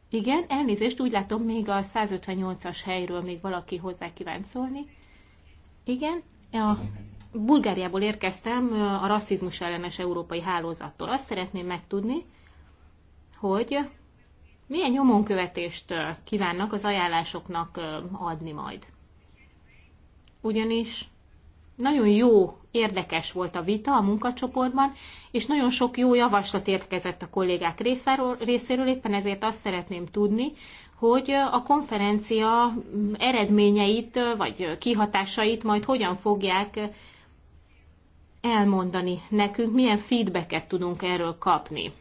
Speaker 3: Igen, elnézést, úgy látom, még a 158-as helyről még valaki hozzá kíván szólni. Igen, a Bulgáriából érkeztem a rasszizmus ellenes európai hálózattól. Azt szeretném megtudni, hogy milyen nyomonkövetést kívánnak az ajánlásoknak adni majd. Ugyanis nagyon jó, érdekes volt a vita a munkacsoportban, és nagyon sok jó javaslat érkezett a kollégák részéről, részéről éppen ezért azt szeretném tudni, hogy a konferencia eredményeit vagy kihatásait majd hogyan fogják elmondani nekünk, milyen feedbacket tudunk erről kapni.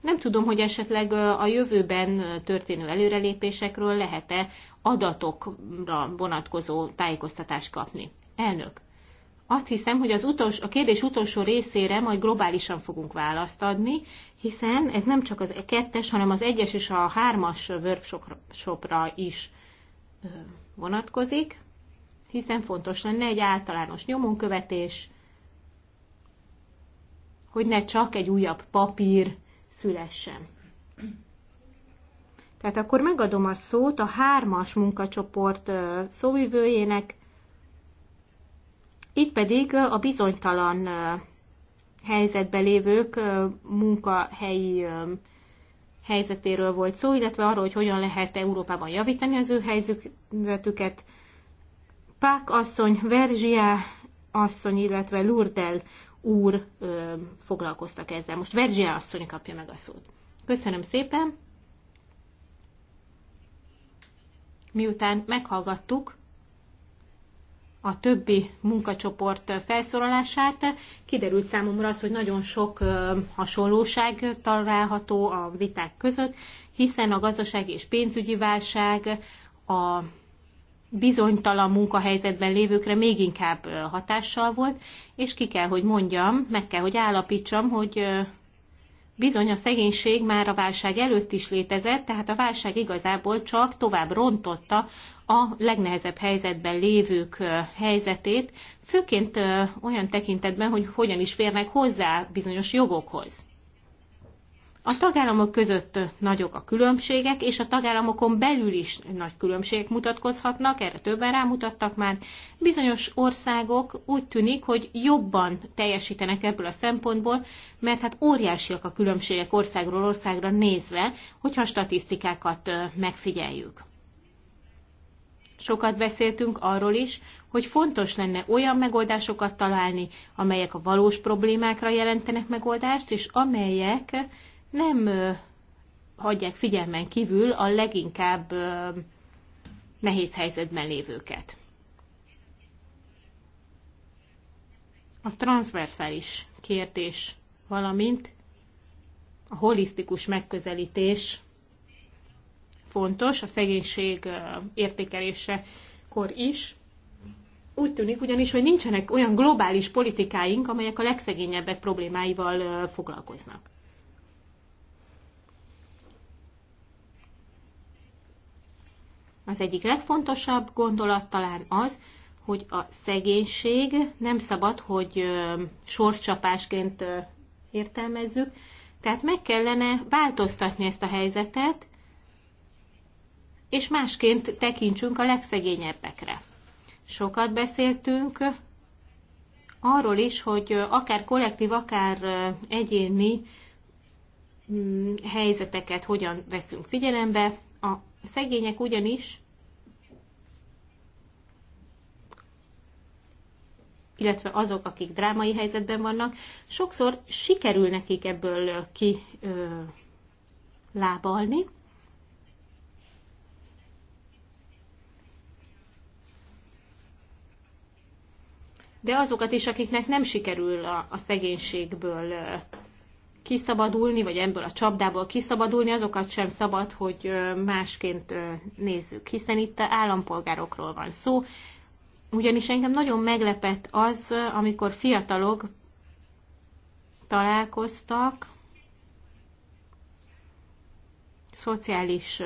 Speaker 3: Nem tudom, hogy esetleg a jövőben történő előrelépésekről lehet-e adatokra vonatkozó tájékoztatást kapni. Elnök, azt hiszem, hogy az utolsó, a kérdés utolsó részére majd globálisan fogunk választ adni, hiszen ez nem csak az kettes, hanem az egyes és a hármas workshopra is vonatkozik hiszen fontos lenne egy általános nyomonkövetés, hogy ne csak egy újabb papír szülessen. Tehát akkor megadom a szót a hármas munkacsoport szóvivőjének, itt pedig a bizonytalan helyzetben lévők munkahelyi helyzetéről volt szó, illetve arról, hogy hogyan lehet Európában javítani az ő helyzetüket, Pák asszony, Verzsia asszony, illetve Lurdel úr ö, foglalkoztak ezzel. Most Verzsia asszony kapja meg a szót. Köszönöm szépen! Miután meghallgattuk a többi munkacsoport felszólalását, kiderült számomra az, hogy nagyon sok hasonlóság található a viták között, hiszen a gazdasági és pénzügyi válság, a bizonytalan munkahelyzetben lévőkre még inkább hatással volt, és ki kell, hogy mondjam, meg kell, hogy állapítsam, hogy bizony a szegénység már a válság előtt is létezett, tehát a válság igazából csak tovább rontotta a legnehezebb helyzetben lévők helyzetét, főként olyan tekintetben, hogy hogyan is férnek hozzá bizonyos jogokhoz. A tagállamok között nagyok a különbségek, és a tagállamokon belül is nagy különbségek mutatkozhatnak, erre többen rámutattak már. Bizonyos országok úgy tűnik, hogy jobban teljesítenek ebből a szempontból, mert hát óriásiak a különbségek országról országra nézve, hogyha a statisztikákat megfigyeljük. Sokat beszéltünk arról is, hogy fontos lenne olyan megoldásokat találni, amelyek a valós problémákra jelentenek megoldást, és amelyek nem hagyják figyelmen kívül a leginkább nehéz helyzetben lévőket. A transzverszális kérdés, valamint a holisztikus megközelítés fontos a szegénység kor is. Úgy tűnik ugyanis, hogy nincsenek olyan globális politikáink, amelyek a legszegényebbek problémáival foglalkoznak. Az egyik legfontosabb gondolat talán az, hogy a szegénység nem szabad, hogy sorscsapásként értelmezzük, tehát meg kellene változtatni ezt a helyzetet, és másként tekintsünk a legszegényebbekre. Sokat beszéltünk arról is, hogy akár kollektív, akár egyéni mm, helyzeteket hogyan veszünk figyelembe a a szegények ugyanis, illetve azok, akik drámai helyzetben vannak, sokszor sikerül nekik ebből ki ö, lábalni. De azokat is, akiknek nem sikerül a, a szegénységből kiszabadulni, vagy ebből a csapdából kiszabadulni, azokat sem szabad, hogy másként nézzük, hiszen itt állampolgárokról van szó. Ugyanis engem nagyon meglepett az, amikor fiatalok találkoztak, szociális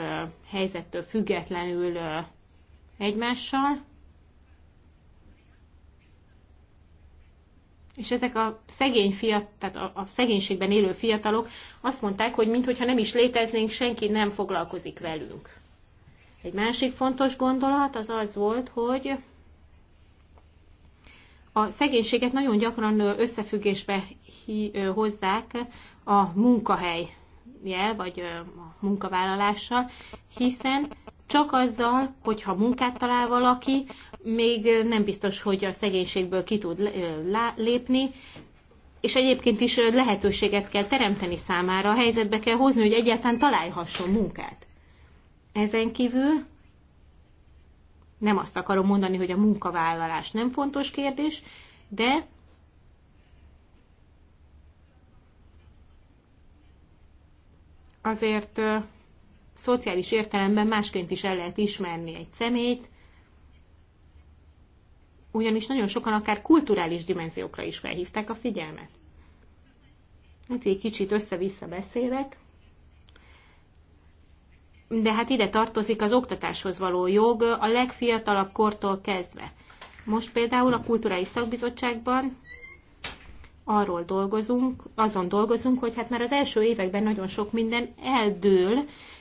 Speaker 3: helyzettől függetlenül egymással, És ezek a szegény fiat, tehát a, a szegénységben élő fiatalok azt mondták, hogy mintha nem is léteznénk, senki nem foglalkozik velünk. Egy másik fontos gondolat az az volt, hogy a szegénységet nagyon gyakran összefüggésbe hozzák a munkahely jel, vagy a munkavállalással, hiszen csak azzal, hogyha munkát talál valaki, még nem biztos, hogy a szegénységből ki tud lépni, és egyébként is lehetőséget kell teremteni számára, a helyzetbe kell hozni, hogy egyáltalán találhasson munkát. Ezen kívül nem azt akarom mondani, hogy a munkavállalás nem fontos kérdés, de azért szociális értelemben másként is el lehet ismerni egy szemét, ugyanis nagyon sokan akár kulturális dimenziókra is felhívták a figyelmet. Úgyhogy egy kicsit össze-vissza beszélek. De hát ide tartozik az oktatáshoz való jog a legfiatalabb kortól kezdve. Most például a Kulturális Szakbizottságban arról dolgozunk, azon dolgozunk, hogy hát már az első években nagyon sok minden eldől,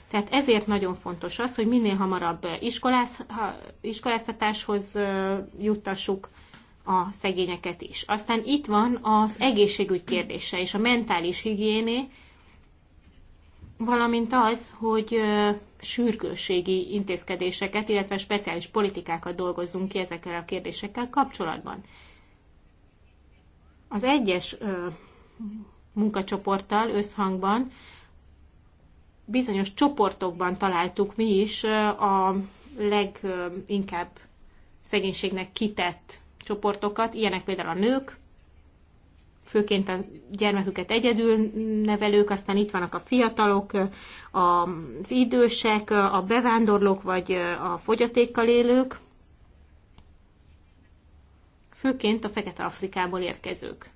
Speaker 3: tehát ezért nagyon fontos az, hogy minél hamarabb iskolász, ha, iskoláztatáshoz juttassuk a szegényeket is. Aztán itt van az egészségügy kérdése és a mentális higiéné, valamint az, hogy sürgősségi intézkedéseket, illetve speciális politikákat dolgozzunk ki ezekkel a kérdésekkel kapcsolatban. Az egyes munkacsoporttal összhangban bizonyos csoportokban találtuk mi is a leginkább szegénységnek kitett csoportokat, ilyenek például a nők, főként a gyermeküket egyedül nevelők, aztán itt vannak a fiatalok, az idősek, a bevándorlók vagy a fogyatékkal élők főként a Fekete Afrikából érkezők.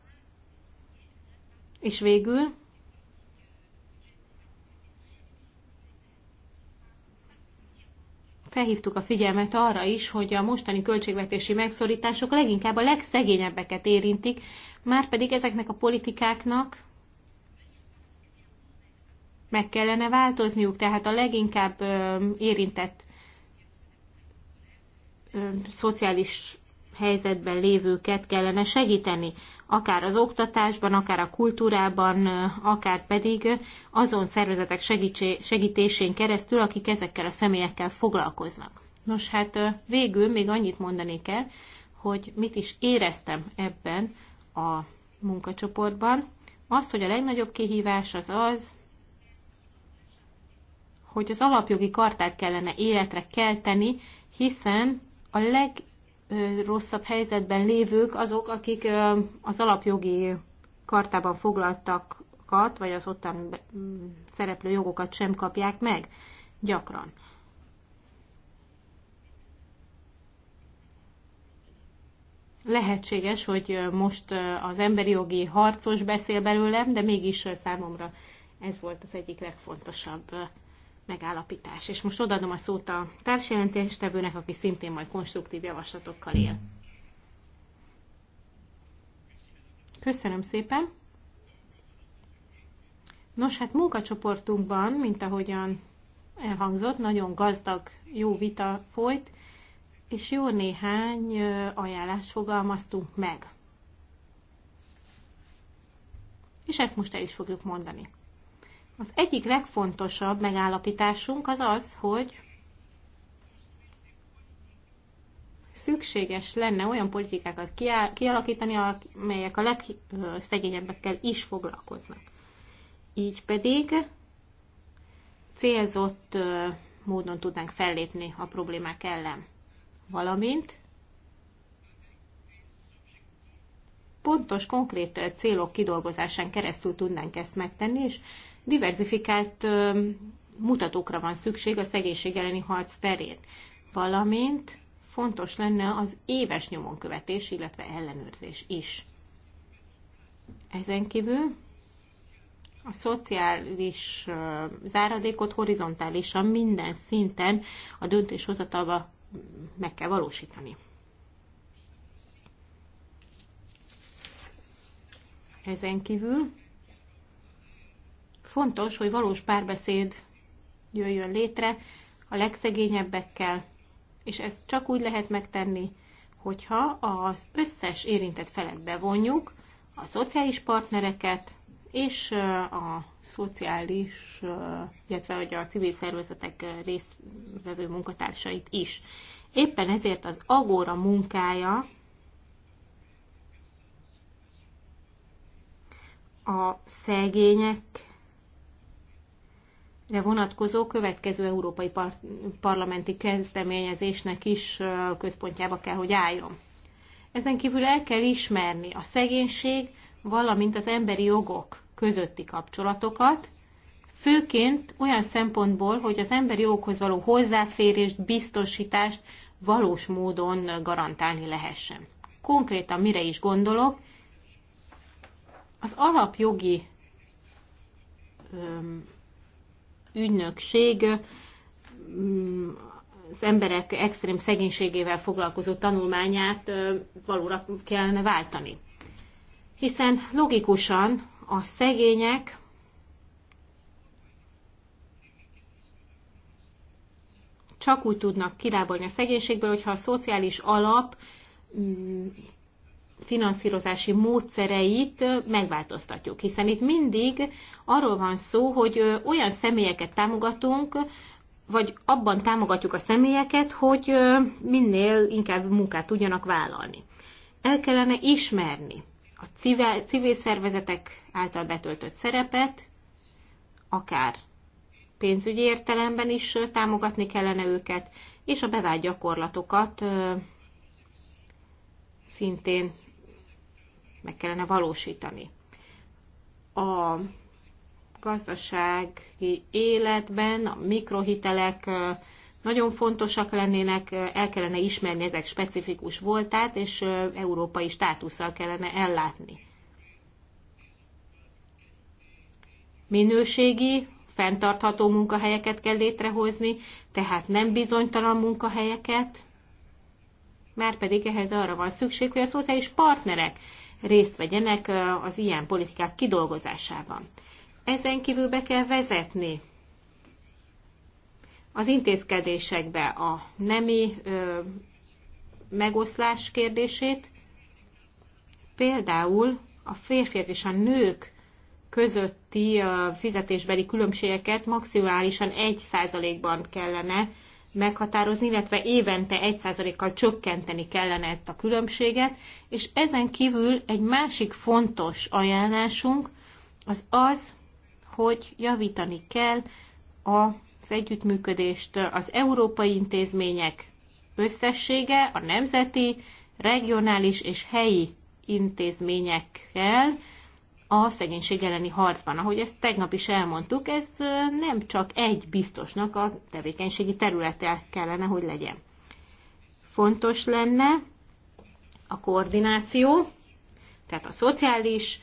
Speaker 3: És végül felhívtuk a figyelmet arra is, hogy a mostani költségvetési megszorítások leginkább a legszegényebbeket érintik, már pedig ezeknek a politikáknak meg kellene változniuk, tehát a leginkább érintett szociális helyzetben lévőket kellene segíteni, akár az oktatásban, akár a kultúrában, akár pedig azon szervezetek segítésén keresztül, akik ezekkel a személyekkel foglalkoznak. Nos, hát végül még annyit mondanék el, hogy mit is éreztem ebben a munkacsoportban. az, hogy a legnagyobb kihívás az az, hogy az alapjogi kartát kellene életre kelteni, hiszen a leg rosszabb helyzetben lévők azok, akik az alapjogi kartában foglaltakat, vagy az ottan szereplő jogokat sem kapják meg gyakran. Lehetséges, hogy most az emberi jogi harcos beszél belőlem, de mégis számomra ez volt az egyik legfontosabb megállapítás. És most odaadom a szót a társjelentéstevőnek, aki szintén majd konstruktív javaslatokkal él. Köszönöm szépen! Nos, hát munkacsoportunkban, mint ahogyan elhangzott, nagyon gazdag, jó vita folyt, és jó néhány ajánlást fogalmaztunk meg. És ezt most el is fogjuk mondani. Az egyik legfontosabb megállapításunk az az, hogy szükséges lenne olyan politikákat kialakítani, amelyek a legszegényebbekkel is foglalkoznak. Így pedig célzott módon tudnánk fellépni a problémák ellen. Valamint pontos, konkrét célok kidolgozásán keresztül tudnánk ezt megtenni, és diversifikált mutatókra van szükség a szegénység elleni harc terén, valamint fontos lenne az éves nyomonkövetés, illetve ellenőrzés is. Ezen kívül a szociális záradékot horizontálisan minden szinten a döntéshozatalba meg kell valósítani. Ezen kívül Fontos, hogy valós párbeszéd jöjjön létre a legszegényebbekkel, és ezt csak úgy lehet megtenni, hogyha az összes érintett felet bevonjuk, a szociális partnereket és a szociális, illetve a civil szervezetek résztvevő munkatársait is. Éppen ezért az Agora munkája a szegények vonatkozó következő európai par- parlamenti kezdeményezésnek is központjába kell, hogy álljon. Ezen kívül el kell ismerni a szegénység, valamint az emberi jogok közötti kapcsolatokat, főként olyan szempontból, hogy az emberi jogokhoz való hozzáférést, biztosítást valós módon garantálni lehessen. Konkrétan mire is gondolok? Az alapjogi öm, ügynökség mm, az emberek extrém szegénységével foglalkozó tanulmányát valóra kellene váltani. Hiszen logikusan a szegények csak úgy tudnak kilábolni a szegénységből, hogyha a szociális alap mm, finanszírozási módszereit megváltoztatjuk, hiszen itt mindig arról van szó, hogy olyan személyeket támogatunk, vagy abban támogatjuk a személyeket, hogy minél inkább munkát tudjanak vállalni. El kellene ismerni a civil, civil szervezetek által betöltött szerepet, akár pénzügyi értelemben is támogatni kellene őket, és a bevált gyakorlatokat szintén meg kellene valósítani. A gazdasági életben a mikrohitelek nagyon fontosak lennének, el kellene ismerni ezek specifikus voltát, és európai státusszal kellene ellátni. Minőségi, fenntartható munkahelyeket kell létrehozni, tehát nem bizonytalan munkahelyeket, már pedig ehhez arra van szükség, hogy a szociális partnerek részt vegyenek az ilyen politikák kidolgozásában. Ezen kívül be kell vezetni az intézkedésekbe a nemi ö, megoszlás kérdését, például a férfiak és a nők közötti fizetésbeli különbségeket maximálisan 1%-ban kellene meghatározni, illetve évente 1%-kal csökkenteni kellene ezt a különbséget, és ezen kívül egy másik fontos ajánlásunk az az, hogy javítani kell az együttműködést az európai intézmények összessége, a nemzeti, regionális és helyi intézményekkel, a szegénység elleni harcban. Ahogy ezt tegnap is elmondtuk, ez nem csak egy biztosnak a tevékenységi területe kellene, hogy legyen. Fontos lenne a koordináció, tehát a szociális,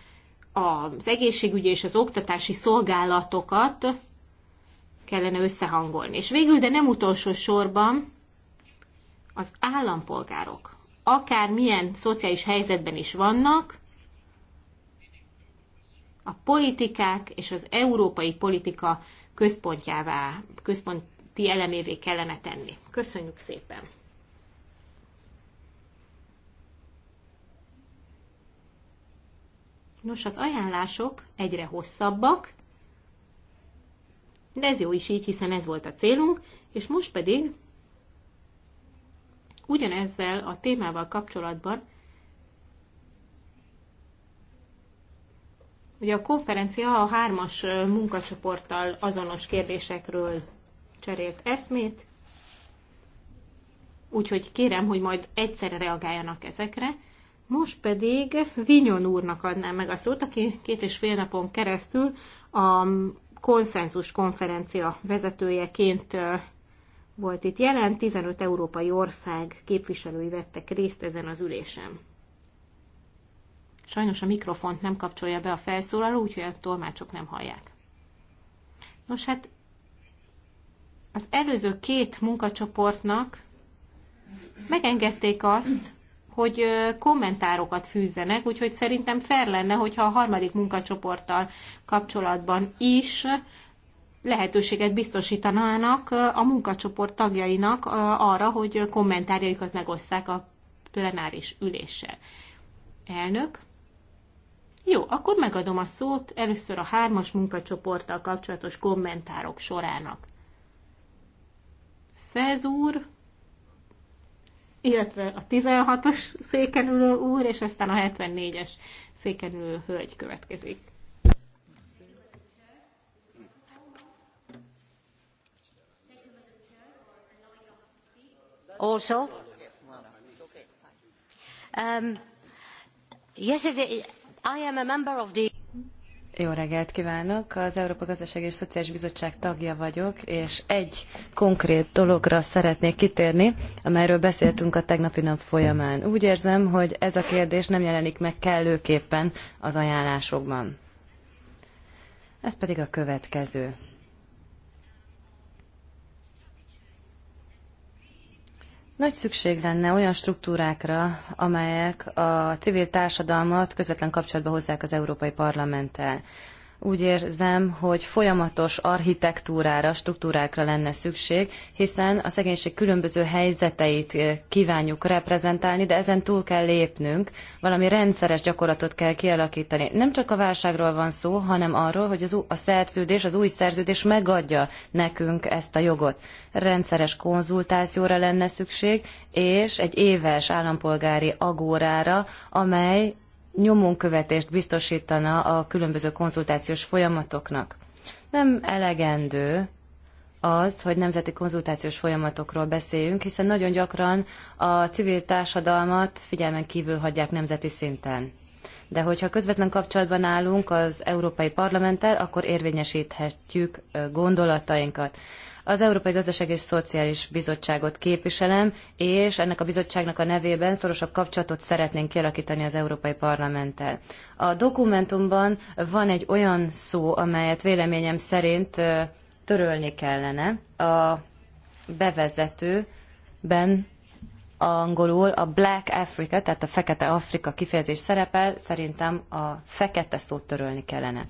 Speaker 3: az egészségügyi és az oktatási szolgálatokat kellene összehangolni. És végül, de nem utolsó sorban, az állampolgárok, akár milyen szociális helyzetben is vannak, a politikák és az európai politika központjává, központi elemévé kellene tenni. Köszönjük szépen! Nos, az ajánlások egyre hosszabbak, de ez jó is így, hiszen ez volt a célunk, és most pedig ugyanezzel a témával kapcsolatban Ugye a konferencia a hármas munkacsoporttal azonos kérdésekről cserélt eszmét, úgyhogy kérem, hogy majd egyszerre reagáljanak ezekre. Most pedig Vinyon úrnak adnám meg a szót, aki két és fél napon keresztül a konszenzus konferencia vezetőjeként volt itt jelen, 15 európai ország képviselői vettek részt ezen az ülésen. Sajnos a mikrofont nem kapcsolja be a felszólaló, úgyhogy a tolmácsok nem hallják. Nos hát az előző két munkacsoportnak megengedték azt, hogy kommentárokat fűzzenek, úgyhogy szerintem fel lenne, hogyha a harmadik munkacsoporttal kapcsolatban is lehetőséget biztosítanának a munkacsoport tagjainak arra, hogy kommentárjaikat megosszák a plenáris üléssel. Elnök, jó, akkor megadom a szót először a hármas munkacsoporttal kapcsolatos kommentárok sorának. Szez úr, illetve a 16-os széken ülő úr, és aztán a 74-es széken ülő hölgy következik. Also? Um, yesterday,
Speaker 2: jó reggelt kívánok! Az Európa Gazdasági és Szociális Bizottság tagja vagyok, és egy konkrét dologra szeretnék kitérni, amelyről beszéltünk a tegnapi nap folyamán. Úgy érzem, hogy ez a kérdés nem jelenik meg kellőképpen az ajánlásokban. Ez pedig a következő. Nagy szükség lenne olyan struktúrákra, amelyek a civil társadalmat közvetlen kapcsolatba hozzák az Európai Parlamenttel úgy érzem, hogy folyamatos architektúrára, struktúrákra lenne szükség, hiszen a szegénység különböző helyzeteit eh, kívánjuk reprezentálni, de ezen túl kell lépnünk, valami rendszeres gyakorlatot kell kialakítani. Nem csak a válságról van szó, hanem arról, hogy az, a szerződés, az új szerződés megadja nekünk ezt a jogot. Rendszeres konzultációra lenne szükség, és egy éves állampolgári agórára, amely nyomonkövetést biztosítana a különböző konzultációs folyamatoknak. Nem elegendő az, hogy nemzeti konzultációs folyamatokról beszéljünk, hiszen nagyon gyakran a civil társadalmat figyelmen kívül hagyják nemzeti szinten. De hogyha közvetlen kapcsolatban állunk az Európai Parlamenttel, akkor érvényesíthetjük gondolatainkat. Az Európai Gazdaság és Szociális Bizottságot képviselem, és ennek a bizottságnak a nevében szorosabb kapcsolatot szeretnénk kialakítani az Európai Parlamenttel. A dokumentumban van egy olyan szó, amelyet véleményem szerint törölni kellene. A bevezetőben angolul a Black Africa, tehát a Fekete Afrika kifejezés szerepel, szerintem a fekete szót törölni kellene.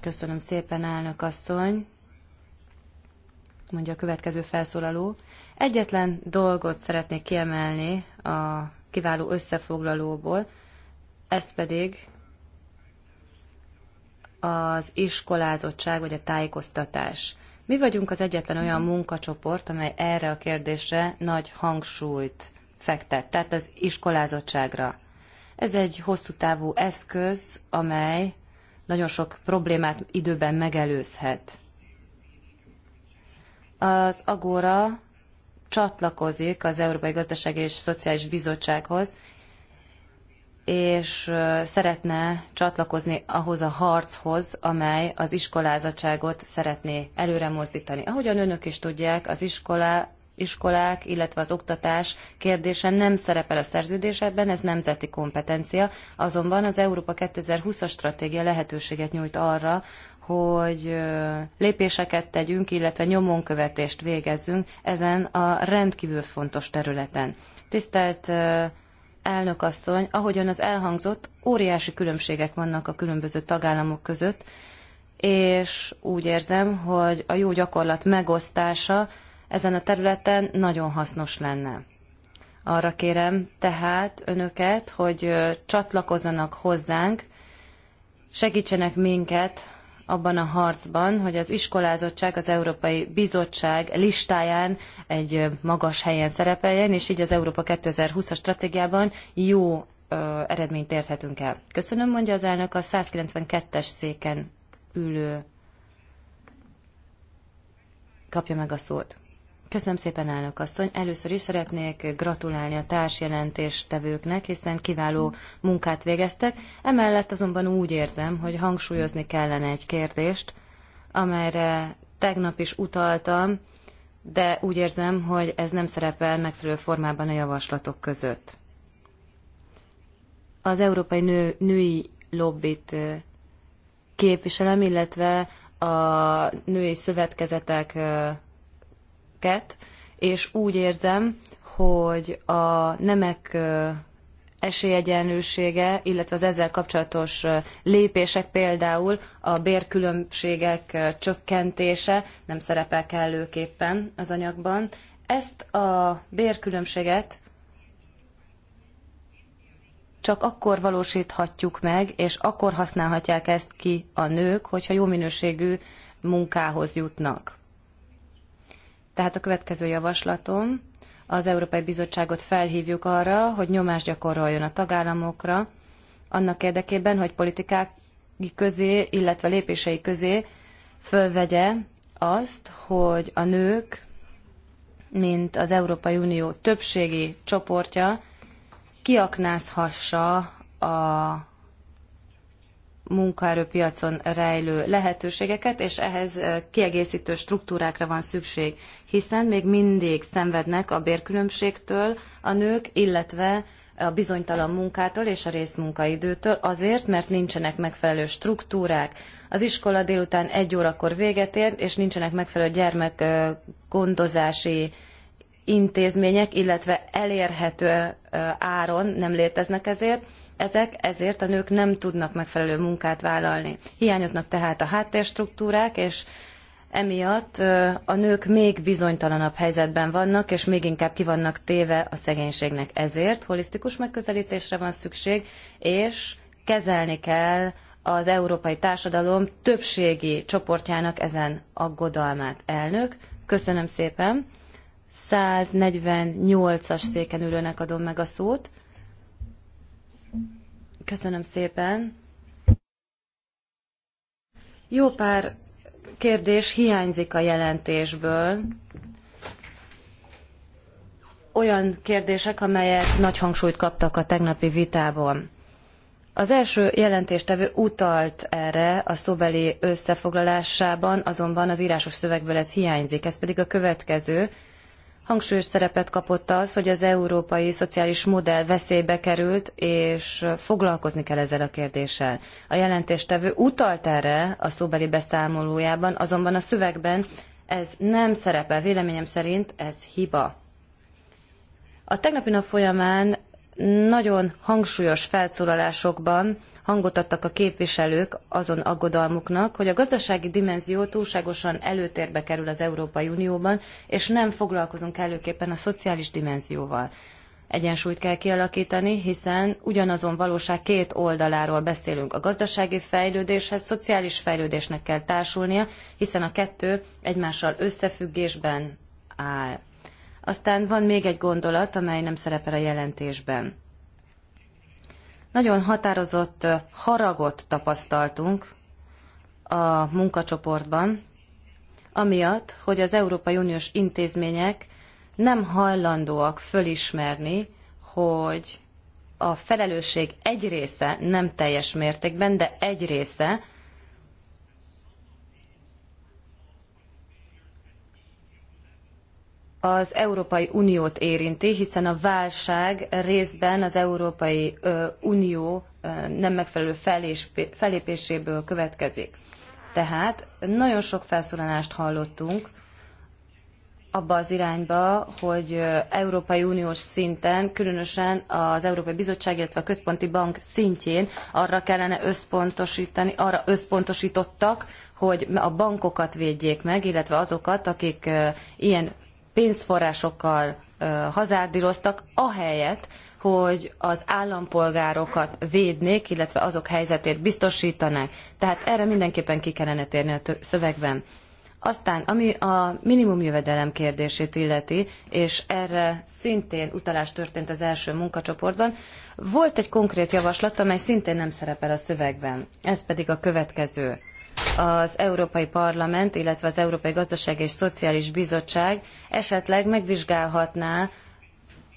Speaker 2: Köszönöm szépen, elnök asszony mondja a következő felszólaló. Egyetlen dolgot szeretnék kiemelni a kiváló összefoglalóból, ez pedig az iskolázottság vagy a tájékoztatás. Mi vagyunk az egyetlen olyan munkacsoport, amely erre a kérdésre nagy hangsúlyt fektet, tehát az iskolázottságra. Ez egy hosszú távú eszköz, amely nagyon sok problémát időben megelőzhet. Az Agora csatlakozik az Európai Gazdasági és Szociális Bizottsághoz, és szeretne csatlakozni ahhoz a harchoz, amely az iskolázatságot szeretné előre mozdítani. Ahogyan önök is tudják, az iskola iskolák, illetve az oktatás kérdése nem szerepel a szerződésben, ez nemzeti kompetencia, azonban az Európa 2020-as stratégia lehetőséget nyújt arra, hogy lépéseket tegyünk, illetve nyomonkövetést végezzünk ezen a rendkívül fontos területen. Tisztelt elnökasszony, ahogyan az elhangzott, óriási különbségek vannak a különböző tagállamok között, és úgy érzem, hogy a jó gyakorlat megosztása ezen a területen nagyon hasznos lenne. Arra kérem tehát önöket, hogy csatlakozzanak hozzánk, segítsenek minket abban a harcban, hogy az iskolázottság az Európai Bizottság listáján egy magas helyen szerepeljen, és így az Európa 2020-as stratégiában jó ö, eredményt érhetünk el. Köszönöm, mondja az elnök a 192-es széken ülő kapja meg a szót. Köszönöm szépen, elnök asszony. Először is szeretnék gratulálni a társjelentéstevőknek, hiszen kiváló munkát végeztek. Emellett azonban úgy érzem, hogy hangsúlyozni kellene egy kérdést, amelyre tegnap is utaltam, de úgy érzem, hogy ez nem szerepel megfelelő formában a javaslatok között. Az Európai Nő, Női Lobbit képviselem, illetve a női szövetkezetek ezeket, és úgy érzem, hogy a nemek esélyegyenlősége, illetve az ezzel kapcsolatos lépések, például a bérkülönbségek csökkentése nem szerepel kellőképpen az anyagban. Ezt a bérkülönbséget csak akkor valósíthatjuk meg, és akkor használhatják ezt ki a nők, hogyha jó minőségű munkához jutnak. Tehát a következő javaslatom, az Európai Bizottságot felhívjuk arra, hogy nyomást gyakoroljon a tagállamokra, annak érdekében, hogy politikák közé, illetve lépései közé fölvegye azt, hogy a nők, mint az Európai Unió többségi csoportja, kiaknázhassa a munkaerőpiacon rejlő lehetőségeket, és ehhez kiegészítő struktúrákra van szükség, hiszen még mindig szenvednek a bérkülönbségtől a nők, illetve a bizonytalan munkától és a részmunkaidőtől azért, mert nincsenek megfelelő struktúrák. Az iskola délután egy órakor véget ér, és nincsenek megfelelő gyermekgondozási intézmények, illetve elérhető áron nem léteznek ezért ezek, ezért a nők nem tudnak megfelelő munkát vállalni. Hiányoznak tehát a háttérstruktúrák, és emiatt a nők még bizonytalanabb helyzetben vannak, és még inkább kivannak téve a szegénységnek. Ezért holisztikus megközelítésre van szükség, és kezelni kell az európai társadalom többségi csoportjának ezen aggodalmát. Elnök, köszönöm szépen. 148-as széken ülőnek adom meg a szót. Köszönöm szépen. Jó pár kérdés hiányzik a jelentésből. Olyan kérdések, amelyek nagy hangsúlyt kaptak a tegnapi vitában. Az első jelentéstevő utalt erre a szóbeli összefoglalásában, azonban az írásos szövegből ez hiányzik. Ez pedig a következő, Hangsúlyos szerepet kapott az, hogy az európai szociális modell veszélybe került, és foglalkozni kell ezzel a kérdéssel. A jelentéstevő utalt erre a szóbeli beszámolójában, azonban a szövegben ez nem szerepel. Véleményem szerint ez hiba. A tegnapi nap folyamán nagyon hangsúlyos felszólalásokban hangot adtak a képviselők azon aggodalmuknak, hogy a gazdasági dimenzió túlságosan előtérbe kerül az Európai Unióban, és nem foglalkozunk előképpen a szociális dimenzióval. Egyensúlyt kell kialakítani, hiszen ugyanazon valóság két oldaláról beszélünk. A gazdasági fejlődéshez szociális fejlődésnek kell társulnia, hiszen a kettő egymással összefüggésben áll. Aztán van még egy gondolat, amely nem szerepel a jelentésben. Nagyon határozott haragot tapasztaltunk a munkacsoportban, amiatt, hogy az Európai Uniós intézmények nem hajlandóak fölismerni, hogy a felelősség egy része, nem teljes mértékben, de egy része az Európai Uniót érinti, hiszen a válság részben az Európai Unió nem megfelelő felépéséből következik. Tehát nagyon sok felszólalást hallottunk abba az irányba, hogy Európai Uniós szinten, különösen az Európai Bizottság, illetve a Központi Bank szintjén arra kellene összpontosítani, arra összpontosítottak, hogy a bankokat védjék meg, illetve azokat, akik ilyen pénzforrásokkal hazárdíroztak, ahelyett, hogy az állampolgárokat védnék, illetve azok helyzetét biztosítanák. Tehát erre mindenképpen ki kellene térni a szövegben. Aztán, ami a minimum jövedelem kérdését illeti, és erre szintén utalás történt az első munkacsoportban, volt egy konkrét javaslat, amely szintén nem szerepel a szövegben. Ez pedig a következő az Európai Parlament, illetve az Európai Gazdaság és Szociális Bizottság esetleg megvizsgálhatná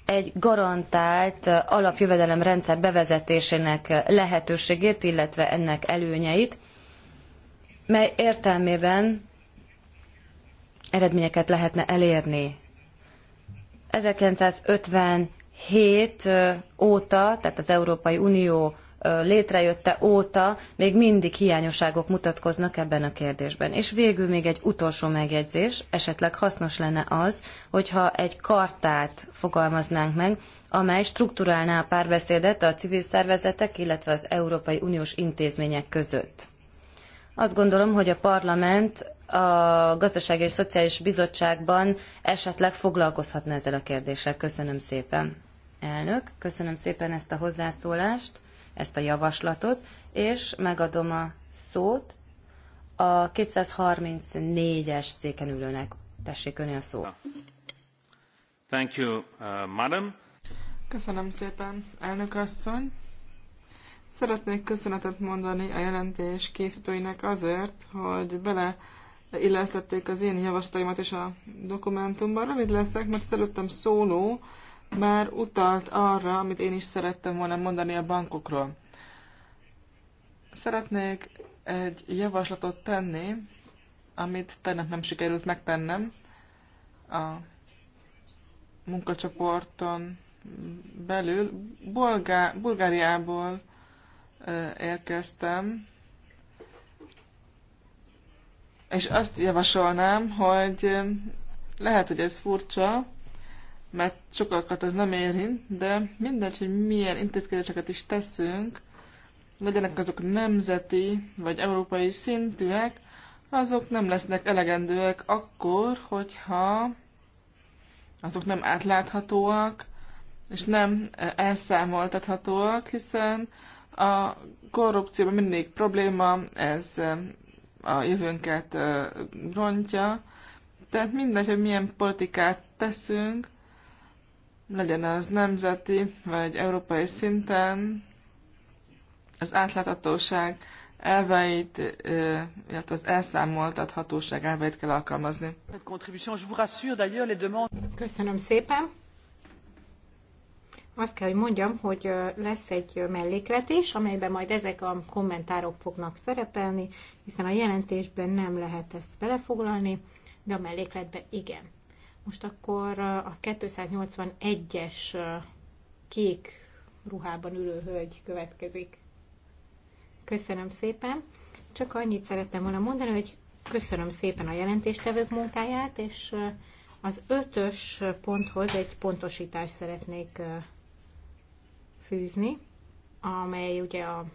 Speaker 2: egy garantált alapjövedelemrendszer bevezetésének lehetőségét, illetve ennek előnyeit, mely értelmében eredményeket lehetne elérni. 1957 óta, tehát az Európai Unió létrejötte óta még mindig hiányosságok mutatkoznak ebben a kérdésben. És végül még egy utolsó megjegyzés, esetleg hasznos lenne az, hogyha egy kartát fogalmaznánk meg, amely strukturálná a párbeszédet a civil szervezetek, illetve az Európai Uniós intézmények között. Azt gondolom, hogy a parlament a Gazdasági és Szociális Bizottságban esetleg foglalkozhatna ezzel a kérdéssel. Köszönöm szépen, elnök. Köszönöm szépen ezt a hozzászólást ezt a javaslatot, és megadom a szót a 234-es széken ülőnek. Tessék önni a szó.
Speaker 3: Thank you, uh, madam.
Speaker 1: Köszönöm szépen, elnök asszony. Szeretnék köszönetet mondani a jelentés készítőinek azért, hogy bele illesztették az én javaslataimat is a dokumentumban. Rövid leszek, mert előttem szóló már utalt arra, amit én is szerettem volna mondani a bankokról. Szeretnék egy javaslatot tenni, amit tegnap nem sikerült megtennem a munkacsoporton belül. Bulgá- Bulgáriából érkeztem, és azt javasolnám, hogy lehet, hogy ez furcsa, mert sokakat ez nem érint, de mindegy, hogy milyen intézkedéseket is teszünk, legyenek azok nemzeti vagy európai szintűek, azok nem lesznek elegendőek akkor, hogyha azok nem átláthatóak, és nem e, elszámoltathatóak, hiszen a korrupcióban mindig probléma, ez e, a jövőnket e, rontja. Tehát mindegy, hogy milyen politikát teszünk, legyen az nemzeti vagy európai szinten, az átláthatóság elveit, illetve az elszámoltathatóság elveit kell alkalmazni.
Speaker 3: Köszönöm szépen. Azt kell, hogy mondjam, hogy lesz egy melléklet is, amelyben majd ezek a kommentárok fognak szerepelni, hiszen a jelentésben nem lehet ezt belefoglalni, de a mellékletben igen. Most akkor a 281-es kék ruhában ülő hölgy következik. Köszönöm szépen. Csak annyit szerettem volna mondani, hogy köszönöm szépen a jelentéstevők munkáját, és az ötös ponthoz egy pontosítást szeretnék fűzni, amely ugye a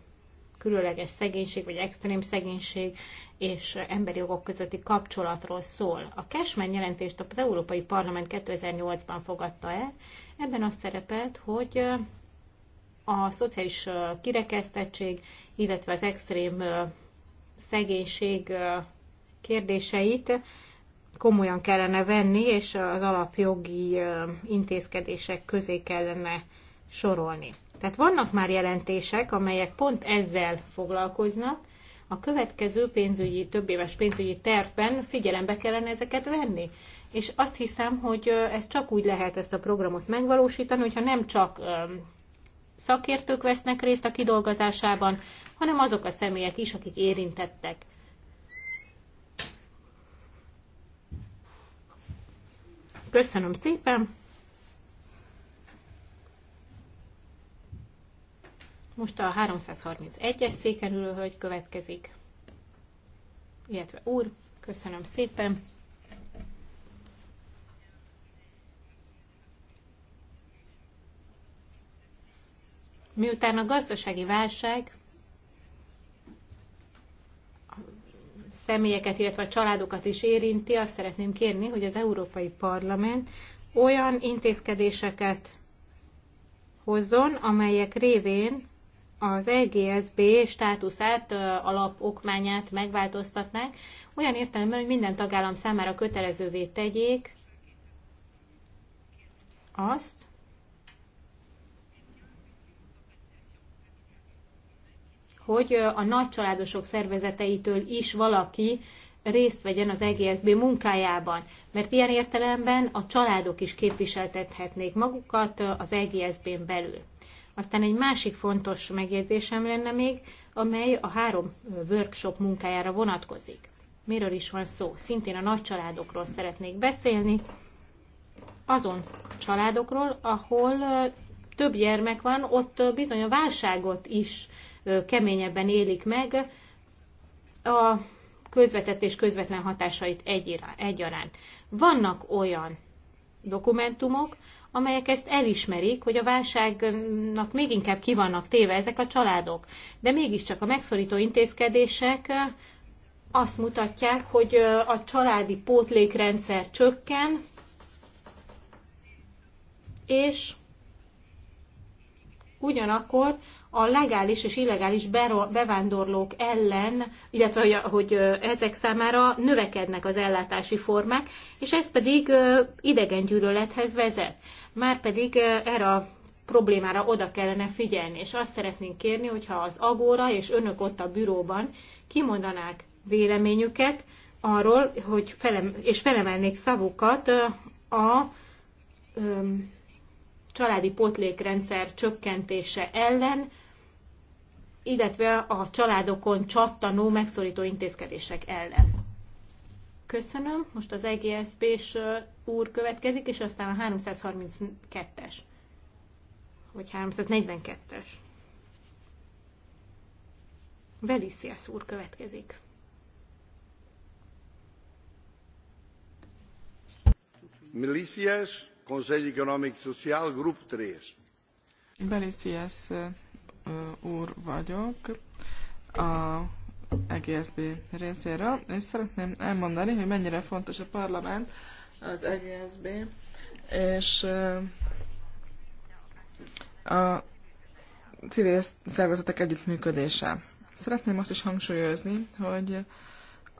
Speaker 3: különleges szegénység vagy extrém szegénység és emberi jogok közötti kapcsolatról szól. A Cashman jelentést az Európai Parlament 2008-ban fogadta el. Ebben az szerepelt, hogy a szociális kirekesztettség, illetve az extrém szegénység kérdéseit komolyan kellene venni, és az alapjogi intézkedések közé kellene sorolni. Tehát vannak már jelentések, amelyek pont ezzel foglalkoznak, a következő pénzügyi, többéves pénzügyi tervben figyelembe kellene ezeket venni. És azt hiszem, hogy ez csak úgy lehet ezt a programot megvalósítani, hogyha nem csak szakértők vesznek részt a kidolgozásában, hanem azok a személyek is, akik érintettek. Köszönöm szépen! Most a 331-es széken ülő hölgy következik, illetve úr, köszönöm szépen. Miután a gazdasági válság a személyeket, illetve a családokat is érinti, azt szeretném kérni, hogy az Európai Parlament olyan intézkedéseket hozzon, amelyek révén az EGSB státuszát, alapokmányát megváltoztatnák, olyan értelemben, hogy minden tagállam számára kötelezővé tegyék azt, hogy a nagycsaládosok szervezeteitől is valaki részt vegyen az EGSB munkájában, mert ilyen értelemben a családok is képviseltethetnék magukat az EGSB-n belül. Aztán egy másik fontos megjegyzésem lenne még, amely a három workshop munkájára vonatkozik. Miről is van szó? Szintén a nagy családokról szeretnék beszélni. Azon családokról, ahol több gyermek van, ott bizony a válságot is keményebben élik meg a közvetett és közvetlen hatásait egyaránt. Vannak olyan dokumentumok, amelyek ezt elismerik, hogy a válságnak még inkább vannak téve ezek a családok. De mégiscsak a megszorító intézkedések azt mutatják, hogy a családi pótlékrendszer csökken, és ugyanakkor a legális és illegális bevándorlók ellen, illetve hogy, hogy ezek számára növekednek az ellátási formák, és ez pedig idegengyűlölethez vezet. Már pedig erre a problémára oda kellene figyelni, és azt szeretnénk kérni, hogyha az agóra és önök ott a büróban kimondanák véleményüket arról, hogy felem, és felemelnék szavukat a öm, családi potlékrendszer csökkentése ellen, illetve a családokon csattanó megszorító intézkedések ellen. Köszönöm. Most az EGSZP-s úr következik, és aztán a 332-es. Vagy 342-es. Velisziás úr következik.
Speaker 2: Milícias, Conselho Económico Social, Grupo 3.
Speaker 1: Belisias úr vagyok. A EGSB részéről, és szeretném elmondani, hogy mennyire fontos a parlament, az EGSB, és a civil szervezetek együttműködése. Szeretném azt is hangsúlyozni, hogy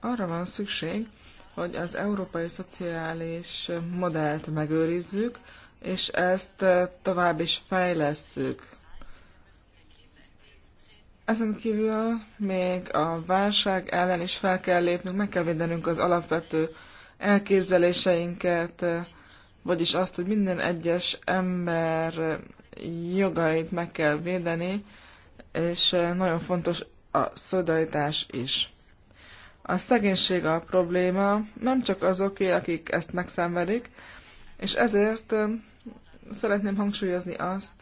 Speaker 1: arra van szükség, hogy az európai szociális modellt megőrizzük, és ezt tovább is fejlesszük. Ezen kívül még a válság ellen is fel kell lépnünk, meg kell védenünk az alapvető elképzeléseinket, vagyis azt, hogy minden egyes ember jogait meg kell védeni, és nagyon fontos a szolidaritás is. A szegénység a probléma, nem csak azoké, akik ezt megszenvedik, és ezért szeretném hangsúlyozni azt,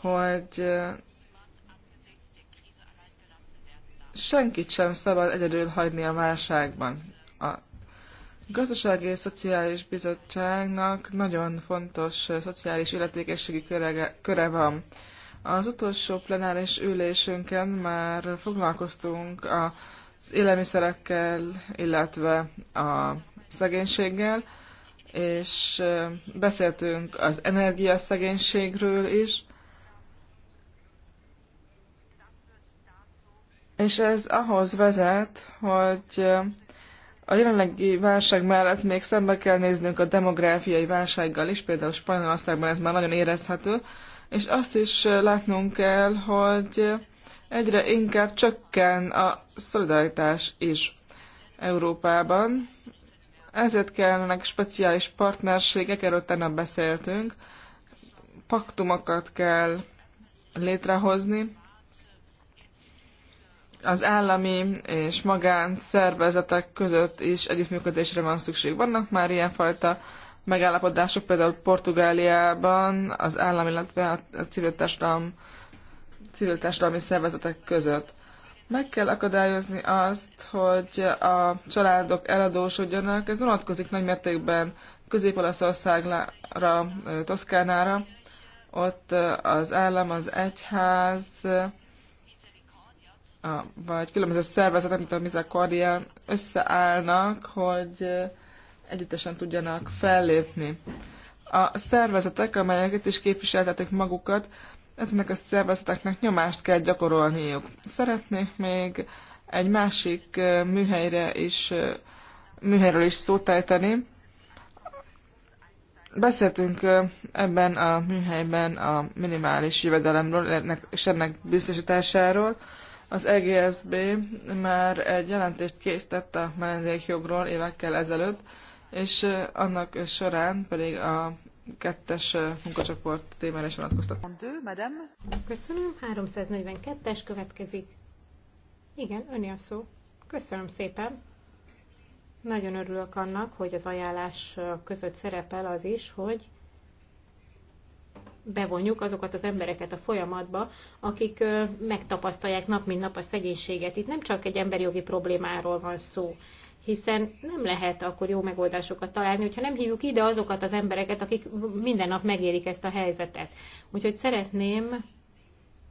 Speaker 1: hogy senkit sem szabad egyedül hagyni a válságban. A Gazdasági és Szociális Bizottságnak nagyon fontos szociális illetékességi köre, köre van. Az utolsó plenáris ülésünkön már foglalkoztunk az élelmiszerekkel, illetve a szegénységgel, és beszéltünk az energiaszegénységről is, És ez ahhoz vezet, hogy a jelenlegi válság mellett még szembe kell néznünk a demográfiai válsággal is, például Spanyolországban ez már nagyon érezhető, és azt is látnunk kell, hogy egyre inkább csökken a szolidaritás is Európában. Ezért kellnek speciális partnerségek, erről tennap beszéltünk, paktumokat kell létrehozni, az állami és magán szervezetek között is együttműködésre van szükség. Vannak már ilyenfajta megállapodások, például Portugáliában az állami, illetve a civil, társadalom, civil társadalmi szervezetek között. Meg kell akadályozni azt, hogy a családok eladósodjanak, ez vonatkozik nagymértékben Közép-Olaszországra, Toszkánára, ott az állam, az egyház, a, vagy különböző szervezetek, mint a Mizakordia, összeállnak, hogy együttesen tudjanak fellépni. A szervezetek, amelyek itt is képviseltetik magukat, ezeknek a szervezeteknek nyomást kell gyakorolniuk. Szeretnék még egy másik műhelyre is, műhelyről is szót ejteni. Beszéltünk ebben a műhelyben a minimális jövedelemről és ennek biztosításáról. Az EGSB már egy jelentést készített a menedékjogról évekkel ezelőtt, és annak során pedig a kettes munkacsoport témára is vonatkoztat. Köszönöm,
Speaker 3: 342-es következik. Igen, öné a szó. Köszönöm szépen. Nagyon örülök annak, hogy az ajánlás között szerepel az is, hogy bevonjuk azokat az embereket a folyamatba, akik megtapasztalják nap mint nap a szegénységet. Itt nem csak egy emberi jogi problémáról van szó, hiszen nem lehet akkor jó megoldásokat találni, hogyha nem hívjuk ide azokat az embereket, akik minden nap megérik ezt a helyzetet. Úgyhogy szeretném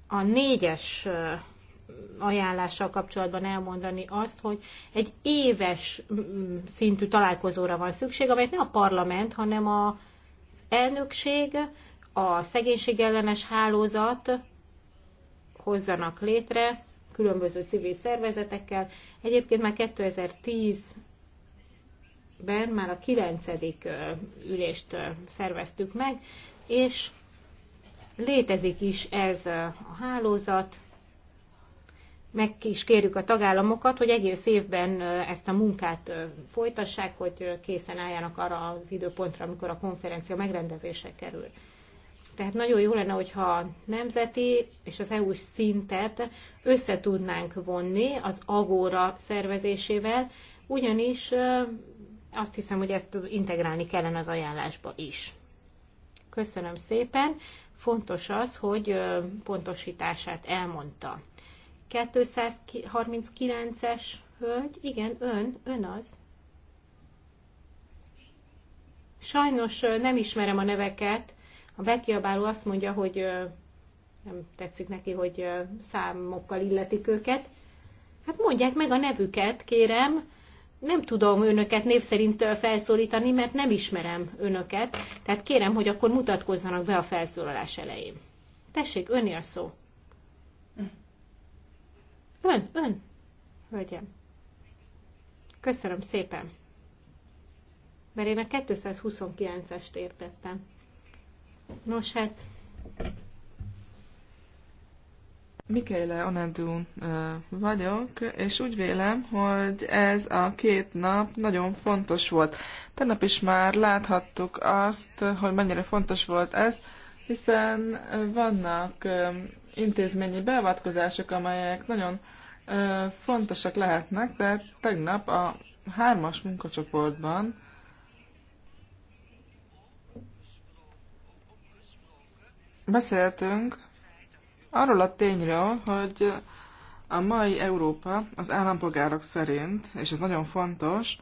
Speaker 3: a négyes ajánlással kapcsolatban elmondani azt, hogy egy éves szintű találkozóra van szükség, amelyet nem a parlament, hanem az elnökség a szegénységellenes hálózat hozzanak létre különböző civil szervezetekkel. Egyébként már 2010-ben már a 9. ülést szerveztük meg, és létezik is ez a hálózat. Meg is kérjük a tagállamokat, hogy egész évben ezt a munkát folytassák, hogy készen álljanak arra az időpontra, amikor a konferencia megrendezése kerül. Tehát nagyon jó lenne, hogyha a nemzeti és az EU-s szintet összetudnánk vonni az agóra szervezésével, ugyanis azt hiszem, hogy ezt integrálni kellene az ajánlásba is. Köszönöm szépen. Fontos az, hogy pontosítását elmondta. 239-es hölgy, igen, ön, ön az. Sajnos nem ismerem a neveket, a bekiabáló azt mondja, hogy nem tetszik neki, hogy számokkal illetik őket. Hát mondják meg a nevüket, kérem. Nem tudom önöket név szerint felszólítani, mert nem ismerem önöket. Tehát kérem, hogy akkor mutatkozzanak be a felszólalás elején. Tessék, önni a szó. Ön, ön, hölgyem. Köszönöm szépen. Mert én a 229-est
Speaker 1: értettem. Nos hát... Mikéle Onedú vagyok, és úgy vélem, hogy ez a két nap nagyon fontos volt. Tegnap is már láthattuk azt, hogy mennyire fontos volt ez, hiszen vannak intézményi beavatkozások, amelyek nagyon fontosak lehetnek, de tegnap a hármas munkacsoportban Beszéltünk arról a tényről, hogy a mai Európa az állampolgárok szerint, és ez nagyon fontos,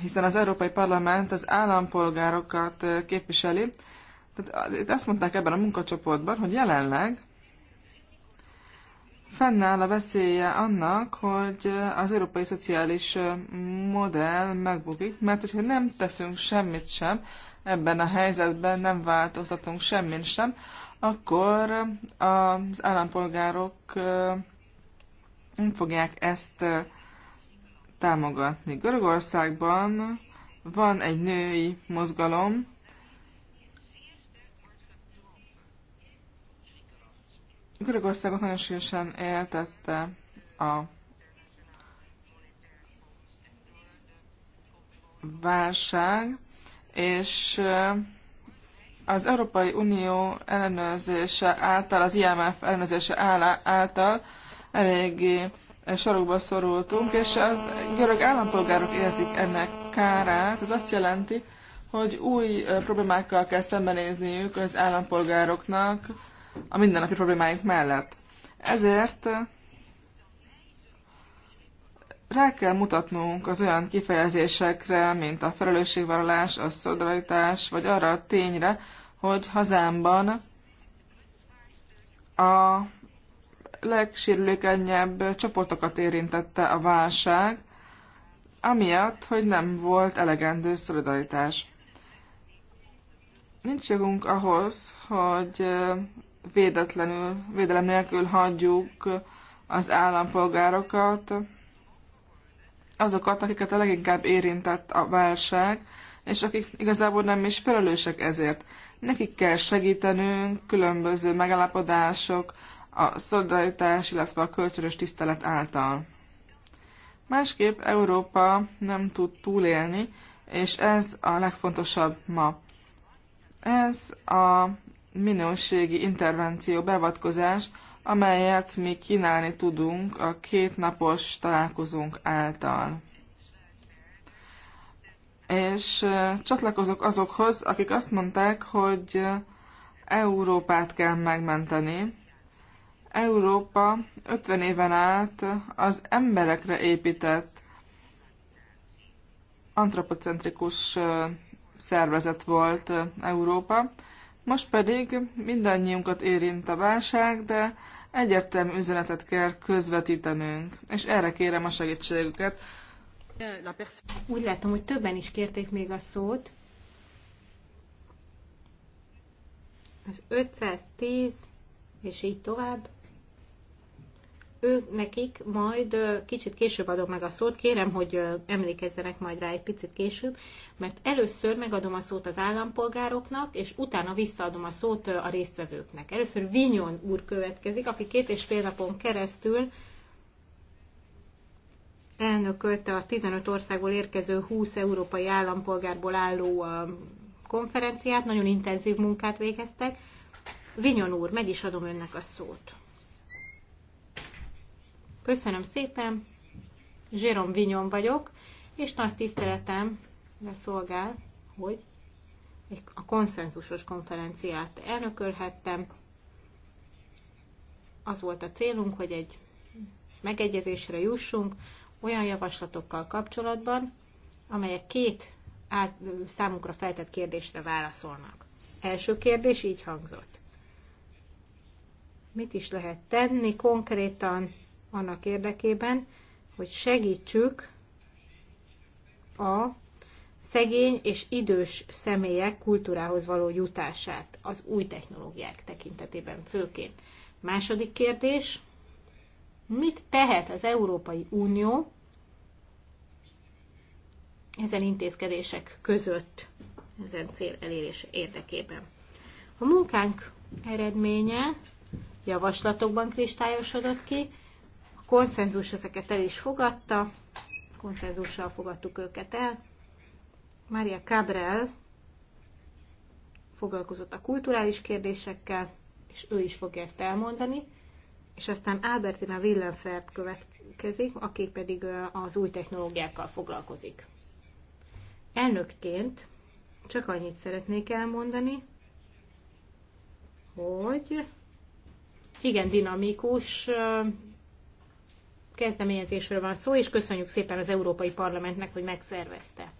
Speaker 1: hiszen az Európai Parlament az állampolgárokat képviseli. Tehát itt azt mondták ebben a munkacsoportban, hogy jelenleg fennáll a veszélye annak, hogy az európai szociális modell megbukik, mert hogyha nem teszünk semmit sem, ebben a helyzetben nem változtatunk semmin sem, akkor az állampolgárok nem fogják ezt támogatni. Görögországban van egy női mozgalom, Görögországot nagyon sűrűsen éltette a válság, és az Európai Unió ellenőrzése által, az IMF ellenőrzése által eléggé sorokba szorultunk, és az görög állampolgárok érzik ennek kárát. Ez azt jelenti, hogy új problémákkal kell szembenézniük az állampolgároknak a mindennapi problémáink mellett. Ezért rá kell mutatnunk az olyan kifejezésekre, mint a felelősségvállalás, a szolidaritás, vagy arra a tényre, hogy hazámban a legsérülékenyebb csoportokat érintette a válság, amiatt, hogy nem volt elegendő szolidaritás. Nincs jogunk ahhoz, hogy védetlenül, védelem nélkül hagyjuk az állampolgárokat, azokat, akiket a leginkább érintett a válság, és akik igazából nem is felelősek ezért. Nekik kell segítenünk különböző megállapodások, a szolidaritás, illetve a kölcsönös tisztelet által. Másképp Európa nem tud túlélni, és ez a legfontosabb ma. Ez a minőségi intervenció, beavatkozás, amelyet mi kínálni tudunk a két napos találkozónk által. És csatlakozok azokhoz, akik azt mondták, hogy Európát kell megmenteni. Európa 50 éven át az emberekre épített antropocentrikus szervezet volt Európa, most pedig mindannyiunkat érint a válság, de egyértelmű üzenetet kell közvetítenünk, és erre kérem a segítségüket. Úgy látom, hogy többen is
Speaker 3: kérték még a szót. Az 510, és így tovább ő, nekik majd kicsit később adom meg a szót, kérem, hogy emlékezzenek majd rá egy picit később, mert először megadom a szót az állampolgároknak, és utána visszaadom a szót a résztvevőknek. Először Vinyon úr következik, aki két és fél napon keresztül elnökölte a 15 országból érkező 20 európai állampolgárból álló konferenciát, nagyon intenzív munkát végeztek. Vinyon úr, meg is adom önnek a szót. Köszönöm szépen, Zsérom Vinyon vagyok, és nagy tiszteletem szolgál, hogy a konszenzusos konferenciát elnökölhettem. Az volt a célunk, hogy egy megegyezésre jussunk olyan javaslatokkal kapcsolatban, amelyek két át, számunkra feltett kérdésre válaszolnak. Első kérdés így hangzott. Mit is lehet tenni konkrétan annak érdekében, hogy segítsük a szegény és idős személyek kultúrához való jutását az új technológiák tekintetében főként. Második kérdés, mit tehet az Európai Unió ezen intézkedések között, ezen cél elérése érdekében? A munkánk eredménye javaslatokban kristályosodott ki, konszenzus ezeket el is fogadta, konszenzussal fogadtuk őket el. Maria Cabrel foglalkozott a kulturális kérdésekkel, és ő is fogja ezt elmondani, és aztán Albertina Willenfert következik, aki pedig az új technológiákkal foglalkozik. Elnökként csak annyit szeretnék elmondani, hogy igen dinamikus kezdeményezésről van szó, és köszönjük szépen az Európai Parlamentnek, hogy megszervezte.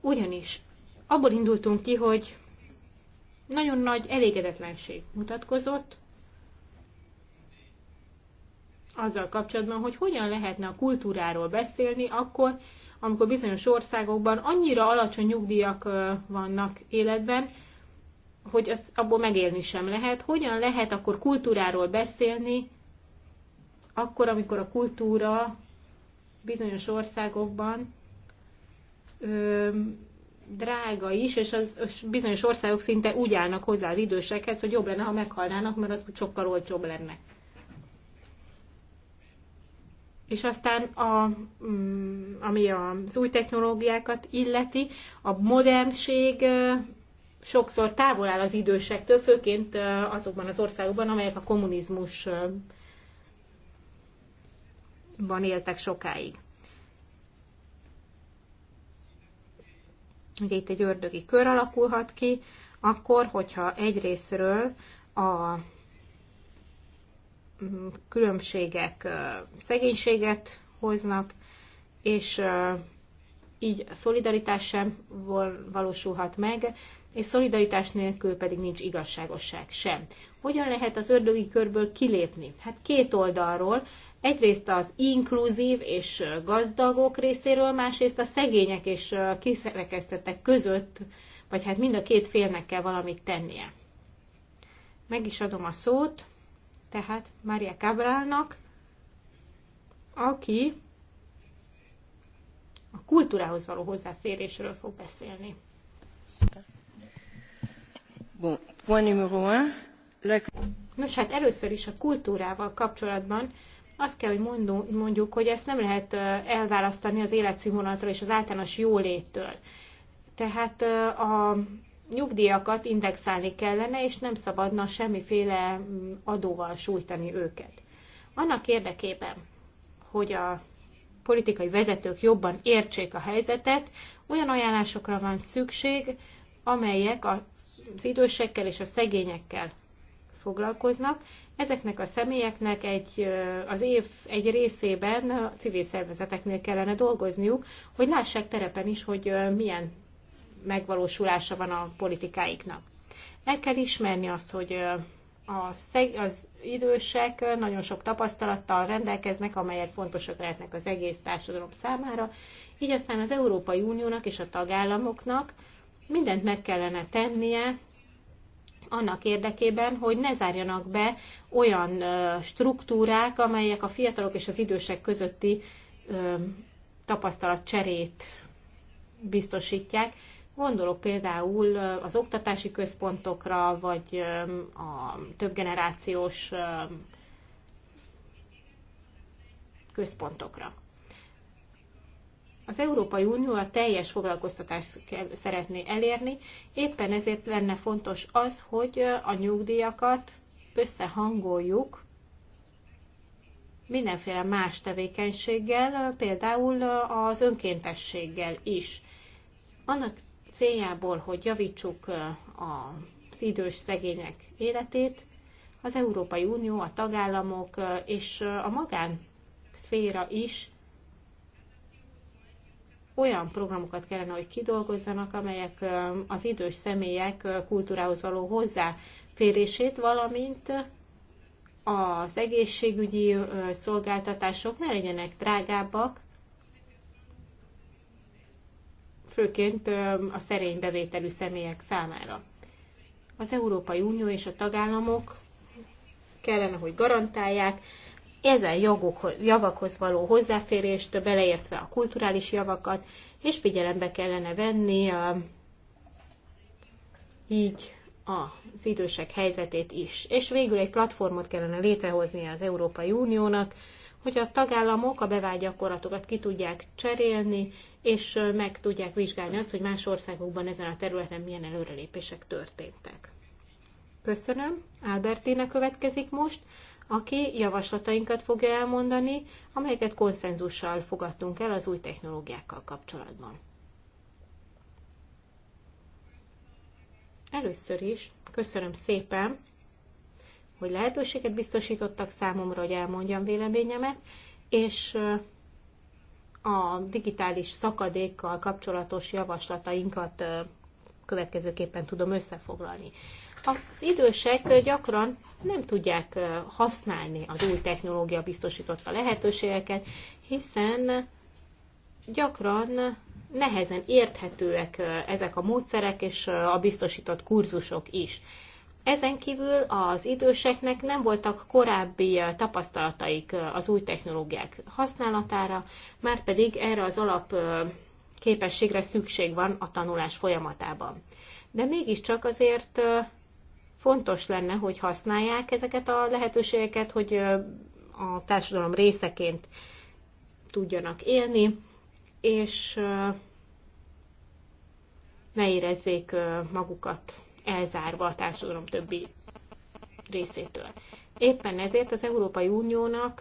Speaker 3: Ugyanis abból indultunk ki, hogy nagyon nagy elégedetlenség mutatkozott azzal kapcsolatban, hogy hogyan lehetne a kultúráról beszélni akkor, amikor bizonyos országokban annyira alacsony nyugdíjak vannak életben, hogy az abból megélni sem lehet. Hogyan lehet akkor kultúráról beszélni, akkor, amikor a kultúra bizonyos országokban ö, drága is, és az, és bizonyos országok szinte úgy állnak hozzá az idősekhez, hogy jobb lenne, ha meghalnának, mert az sokkal olcsóbb lenne. És aztán, a, mm, ami az új technológiákat illeti, a modernség sokszor távol áll az idősektől, főként azokban az országokban, amelyek a kommunizmus ban éltek sokáig. Ugye itt egy ördögi kör alakulhat ki, akkor, hogyha egyrésztről a különbségek szegénységet hoznak, és így a szolidaritás sem valósulhat meg, és szolidaritás nélkül pedig nincs igazságosság sem. Hogyan lehet az ördögi körből kilépni? Hát két oldalról, egyrészt az inkluzív és gazdagok részéről, másrészt a szegények és kiszerekeztetek között, vagy hát mind a két félnek kell valamit tennie. Meg is adom a szót, tehát Mária Cabralnak, aki a kultúrához való hozzáférésről fog beszélni.
Speaker 2: Bon, point numéro un. Nos,
Speaker 3: hát először is a kultúrával kapcsolatban azt kell, hogy mondjuk, hogy ezt nem lehet elválasztani az életszínvonaltól és az általános jóléttől. Tehát a nyugdíjakat indexálni kellene, és nem szabadna semmiféle mm, adóval sújtani őket. Annak érdekében, hogy a politikai vezetők jobban értsék a helyzetet, olyan ajánlásokra van szükség, amelyek az idősekkel és a szegényekkel foglalkoznak, Ezeknek a személyeknek egy, az év egy részében a civil szervezeteknél kellene dolgozniuk, hogy lássák terepen is, hogy milyen megvalósulása van a politikáiknak. El kell ismerni azt, hogy a szeg, az idősek nagyon sok tapasztalattal rendelkeznek, amelyek fontosak lehetnek az egész társadalom számára, így aztán az Európai Uniónak és a tagállamoknak mindent meg kellene tennie annak érdekében, hogy ne zárjanak be olyan struktúrák, amelyek a fiatalok és az idősek közötti tapasztalatcserét biztosítják. Gondolok például az oktatási központokra, vagy a többgenerációs központokra. Az Európai Unió a teljes foglalkoztatást szeretné elérni, éppen ezért lenne fontos az, hogy a nyugdíjakat összehangoljuk mindenféle más tevékenységgel, például az önkéntességgel is. Annak céljából, hogy javítsuk az idős szegények életét, az Európai Unió, a tagállamok és a magán szféra is olyan programokat kellene, hogy kidolgozzanak, amelyek az idős személyek kultúrához való hozzáférését, valamint az egészségügyi szolgáltatások ne legyenek drágábbak, főként a szerény bevételű személyek számára. Az Európai Unió és a tagállamok kellene, hogy garantálják ezen jogokhoz, javakhoz való hozzáférést, beleértve a kulturális javakat, és figyelembe kellene venni a, így az idősek helyzetét is. És végül egy platformot kellene létrehozni az Európai Uniónak, hogy a tagállamok a bevált gyakorlatokat ki tudják cserélni, és meg tudják vizsgálni azt, hogy más országokban ezen a területen milyen előrelépések történtek. Köszönöm. Albertina következik most aki javaslatainkat fogja elmondani, amelyeket konszenzussal fogadtunk el az új technológiákkal kapcsolatban. Először is köszönöm szépen, hogy lehetőséget biztosítottak számomra, hogy elmondjam véleményemet, és a digitális szakadékkal kapcsolatos javaslatainkat következőképpen tudom összefoglalni. Az idősek gyakran nem tudják használni az új technológia biztosította lehetőségeket, hiszen gyakran nehezen érthetőek ezek a módszerek és a biztosított kurzusok is. Ezen kívül az időseknek nem voltak korábbi tapasztalataik az új technológiák használatára, már pedig erre az alap képességre szükség van a tanulás folyamatában. De mégiscsak azért fontos lenne, hogy használják ezeket a lehetőségeket, hogy a társadalom részeként tudjanak élni, és ne érezzék magukat elzárva a társadalom többi részétől. Éppen ezért az Európai Uniónak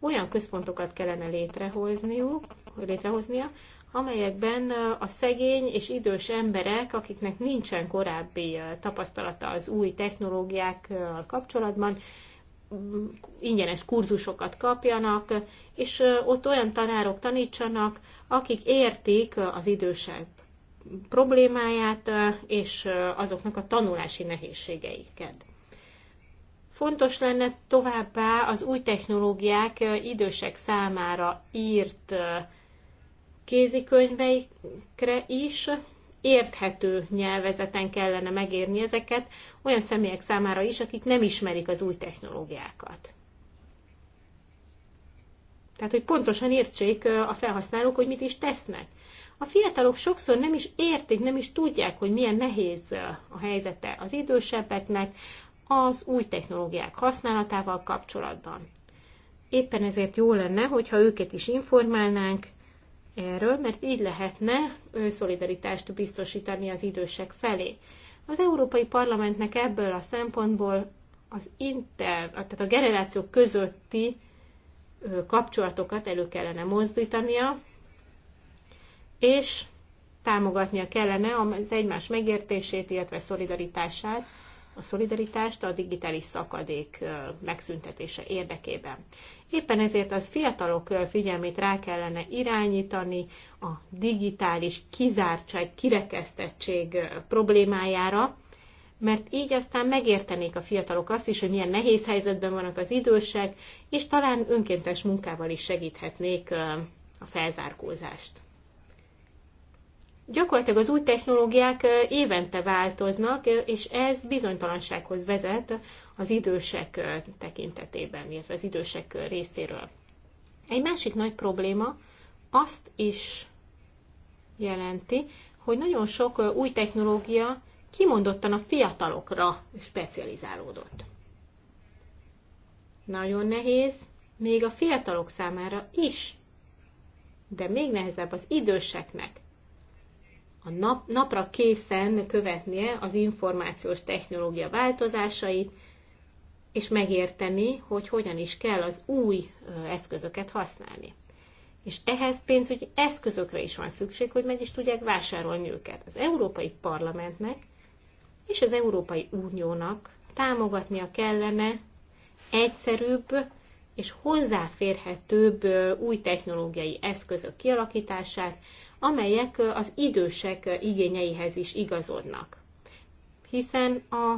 Speaker 3: olyan központokat kellene létrehozniuk, létrehoznia, amelyekben a szegény és idős emberek, akiknek nincsen korábbi tapasztalata az új technológiákkal kapcsolatban, ingyenes kurzusokat kapjanak, és ott olyan tanárok tanítsanak, akik értik az idősek problémáját és azoknak a tanulási nehézségeiket. Fontos lenne továbbá az új technológiák idősek számára írt kézikönyveikre is érthető nyelvezeten kellene megérni ezeket olyan személyek számára is, akik nem ismerik az új technológiákat. Tehát, hogy pontosan értsék a felhasználók, hogy mit is tesznek. A fiatalok sokszor nem is értik, nem is tudják, hogy milyen nehéz a helyzete az idősebbeknek, az új technológiák használatával kapcsolatban. Éppen ezért jó lenne, hogyha őket is informálnánk erről, mert így lehetne szolidaritást biztosítani az idősek felé. Az Európai Parlamentnek ebből a szempontból az inter, tehát a generációk közötti kapcsolatokat elő kellene mozdítania, és támogatnia kellene az egymás megértését, illetve szolidaritását a szolidaritást a digitális szakadék megszüntetése érdekében. Éppen ezért az fiatalok figyelmét rá kellene irányítani a digitális kizártság, kirekesztettség problémájára, mert így aztán megértenék a fiatalok azt is, hogy milyen nehéz helyzetben vannak az idősek, és talán önkéntes munkával is segíthetnék a felzárkózást gyakorlatilag az új technológiák évente változnak, és ez bizonytalansághoz vezet az idősek tekintetében, illetve az idősek részéről. Egy másik nagy probléma azt is jelenti, hogy nagyon sok új technológia kimondottan a fiatalokra specializálódott. Nagyon nehéz, még a fiatalok számára is, de még nehezebb az időseknek, a nap, napra készen követnie az információs technológia változásait, és megérteni, hogy hogyan is kell az új eszközöket használni. És ehhez pénzügyi eszközökre is van szükség, hogy meg is tudják vásárolni őket. Az Európai Parlamentnek és az Európai Uniónak támogatnia kellene egyszerűbb és hozzáférhetőbb új technológiai eszközök kialakítását, amelyek az idősek igényeihez is igazodnak. Hiszen a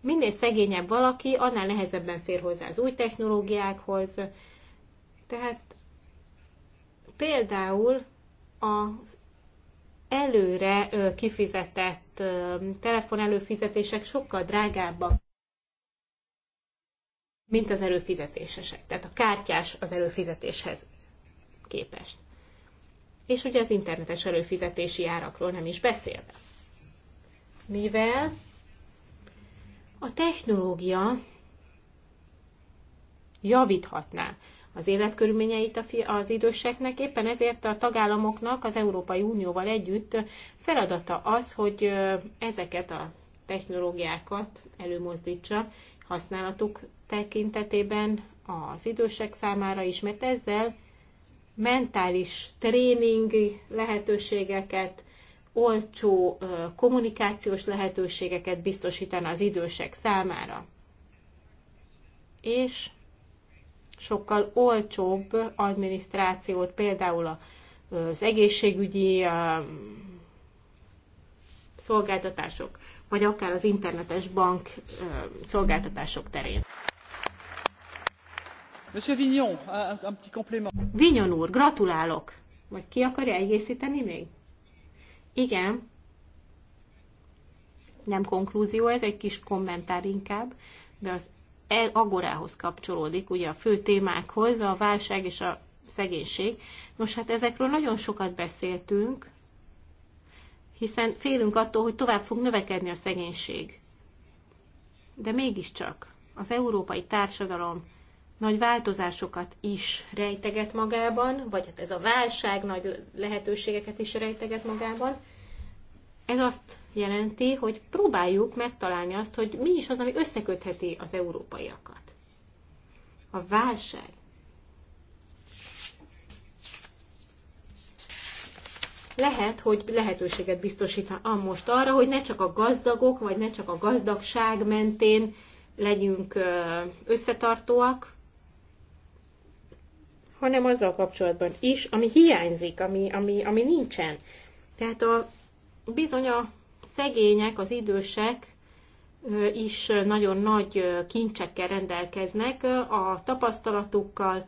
Speaker 3: minél szegényebb valaki, annál nehezebben fér hozzá az új technológiákhoz. Tehát például az előre kifizetett telefonelőfizetések sokkal drágábbak, mint az előfizetésesek. Tehát a kártyás az előfizetéshez képest. És ugye az internetes előfizetési árakról nem is beszélve. Mivel a technológia javíthatná az életkörülményeit a az időseknek. Éppen ezért a tagállamoknak az Európai Unióval együtt feladata az, hogy ezeket a technológiákat előmozdítsa használatuk tekintetében az idősek számára is, mert ezzel mentális tréning lehetőségeket, olcsó kommunikációs lehetőségeket biztosítana az idősek számára. És sokkal olcsóbb adminisztrációt, például az egészségügyi szolgáltatások, vagy akár az internetes bank szolgáltatások terén.
Speaker 1: Monsieur Vignon, un petit complément. Vignon úr,
Speaker 3: gratulálok! Vagy ki akarja egészíteni még? Igen. Nem konklúzió, ez egy kis kommentár inkább, de az e- agorához kapcsolódik, ugye a fő témákhoz, a válság és a szegénység. Nos, hát ezekről nagyon sokat beszéltünk, hiszen félünk attól, hogy tovább fog növekedni a szegénység. De mégiscsak az európai társadalom nagy változásokat is rejteget magában, vagy hát ez a válság nagy lehetőségeket is rejteget magában. Ez azt jelenti, hogy próbáljuk megtalálni azt, hogy mi is az, ami összekötheti az európaiakat. A válság. Lehet, hogy lehetőséget biztosít most arra, hogy ne csak a gazdagok, vagy ne csak a gazdagság mentén legyünk összetartóak, hanem azzal kapcsolatban is, ami hiányzik, ami, ami, ami nincsen. Tehát a, bizony a szegények, az idősek is nagyon nagy kincsekkel rendelkeznek a tapasztalatukkal.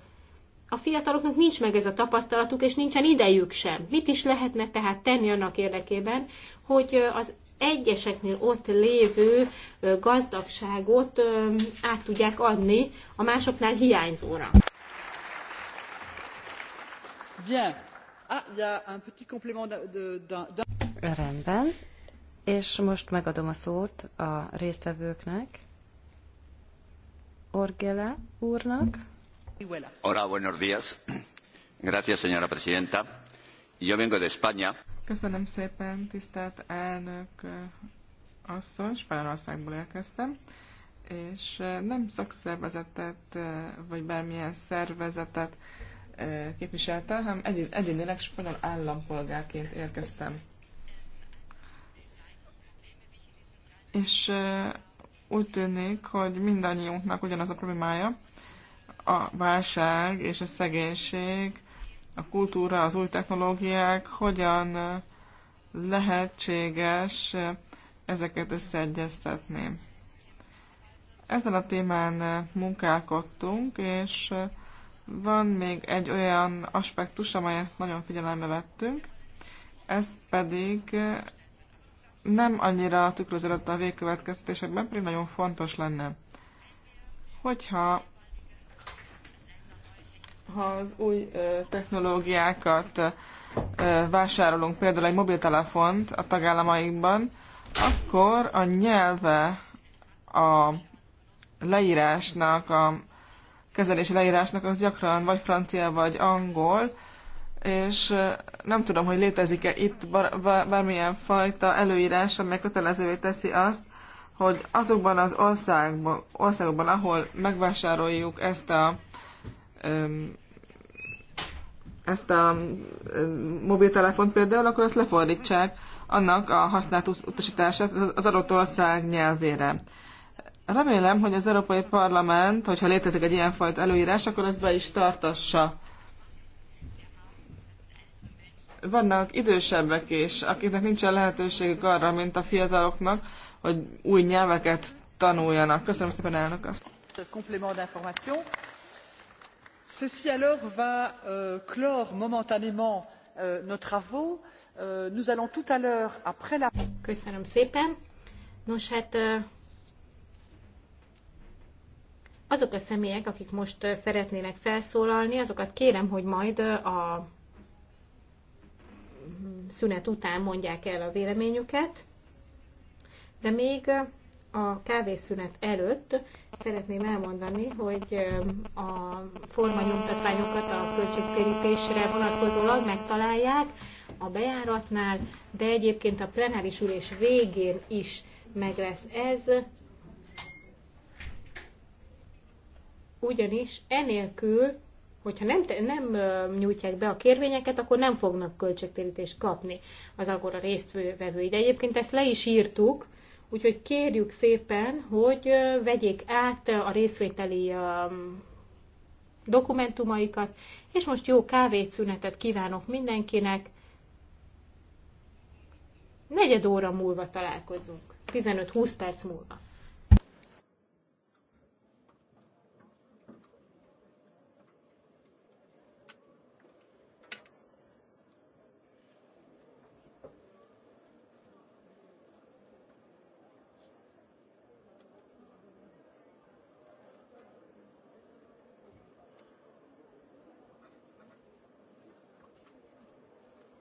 Speaker 3: A fiataloknak nincs meg ez a tapasztalatuk, és nincsen idejük sem. Mit is lehetne tehát tenni annak érdekében, hogy az egyeseknél ott lévő gazdagságot át tudják adni a másoknál hiányzóra.
Speaker 2: Rendben. És most megadom a szót a résztvevőknek.
Speaker 1: Orgele úrnak.
Speaker 2: Hola, buenos días. Gracias, señora presidenta. Yo vengo de España.
Speaker 1: Köszönöm szépen, tisztelt elnök eh, asszony, Spanyolországból érkeztem, és eh, nem szakszervezetet, eh, vagy bármilyen szervezetet képviselte, hanem egy, egyénileg spanyol állampolgárként érkeztem. És úgy tűnik, hogy mindannyiunknak ugyanaz a problémája, a válság és a szegénység, a kultúra, az új technológiák, hogyan lehetséges ezeket összeegyeztetni. Ezen a témán munkálkodtunk, és van még egy olyan aspektus, amelyet nagyon figyelembe vettünk, ez pedig eh, nem annyira tükröződött a végkövetkeztetésekben, pedig nagyon fontos lenne. Hogyha ha az új eh, technológiákat eh, vásárolunk, például egy mobiltelefont a tagállamainkban, akkor a nyelve a leírásnak, a kezelési leírásnak, az gyakran vagy francia, vagy angol, és nem tudom, hogy létezik-e itt bármilyen fajta előírás, amely kötelezővé teszi azt, hogy azokban az országban, országokban, ahol megvásároljuk ezt a ezt a mobiltelefont például, akkor azt lefordítsák annak a használt utasítását az adott ország nyelvére. Remélem, hogy az Európai Parlament, hogyha létezik egy ilyenfajta előírás, akkor ezt be is tartassa. Vannak idősebbek is, akiknek nincsen lehetőségük arra, mint a fiataloknak, hogy új nyelveket tanuljanak. Köszönöm szépen, elnök azt. Complément d'information. Ceci alors va euh, clore momentanément euh, nos travaux. Euh, nous allons tout à l'heure, après la... Köszönöm
Speaker 3: szépen. Nos, hát euh azok a személyek, akik most szeretnének felszólalni, azokat kérem, hogy majd a szünet után mondják el a véleményüket, de még a kávészünet előtt szeretném elmondani, hogy a formanyomtatványokat a költségtérítésre vonatkozólag megtalálják a bejáratnál, de egyébként a plenáris ülés végén is meg lesz ez, ugyanis enélkül, hogyha nem, nem nyújtják be a kérvényeket, akkor nem fognak költségtérítést kapni az agora résztvevői. De egyébként ezt le is írtuk, úgyhogy kérjük szépen, hogy vegyék át a részvételi dokumentumaikat, és most jó kávétszünetet kívánok mindenkinek. Negyed óra múlva találkozunk, 15-20 perc múlva.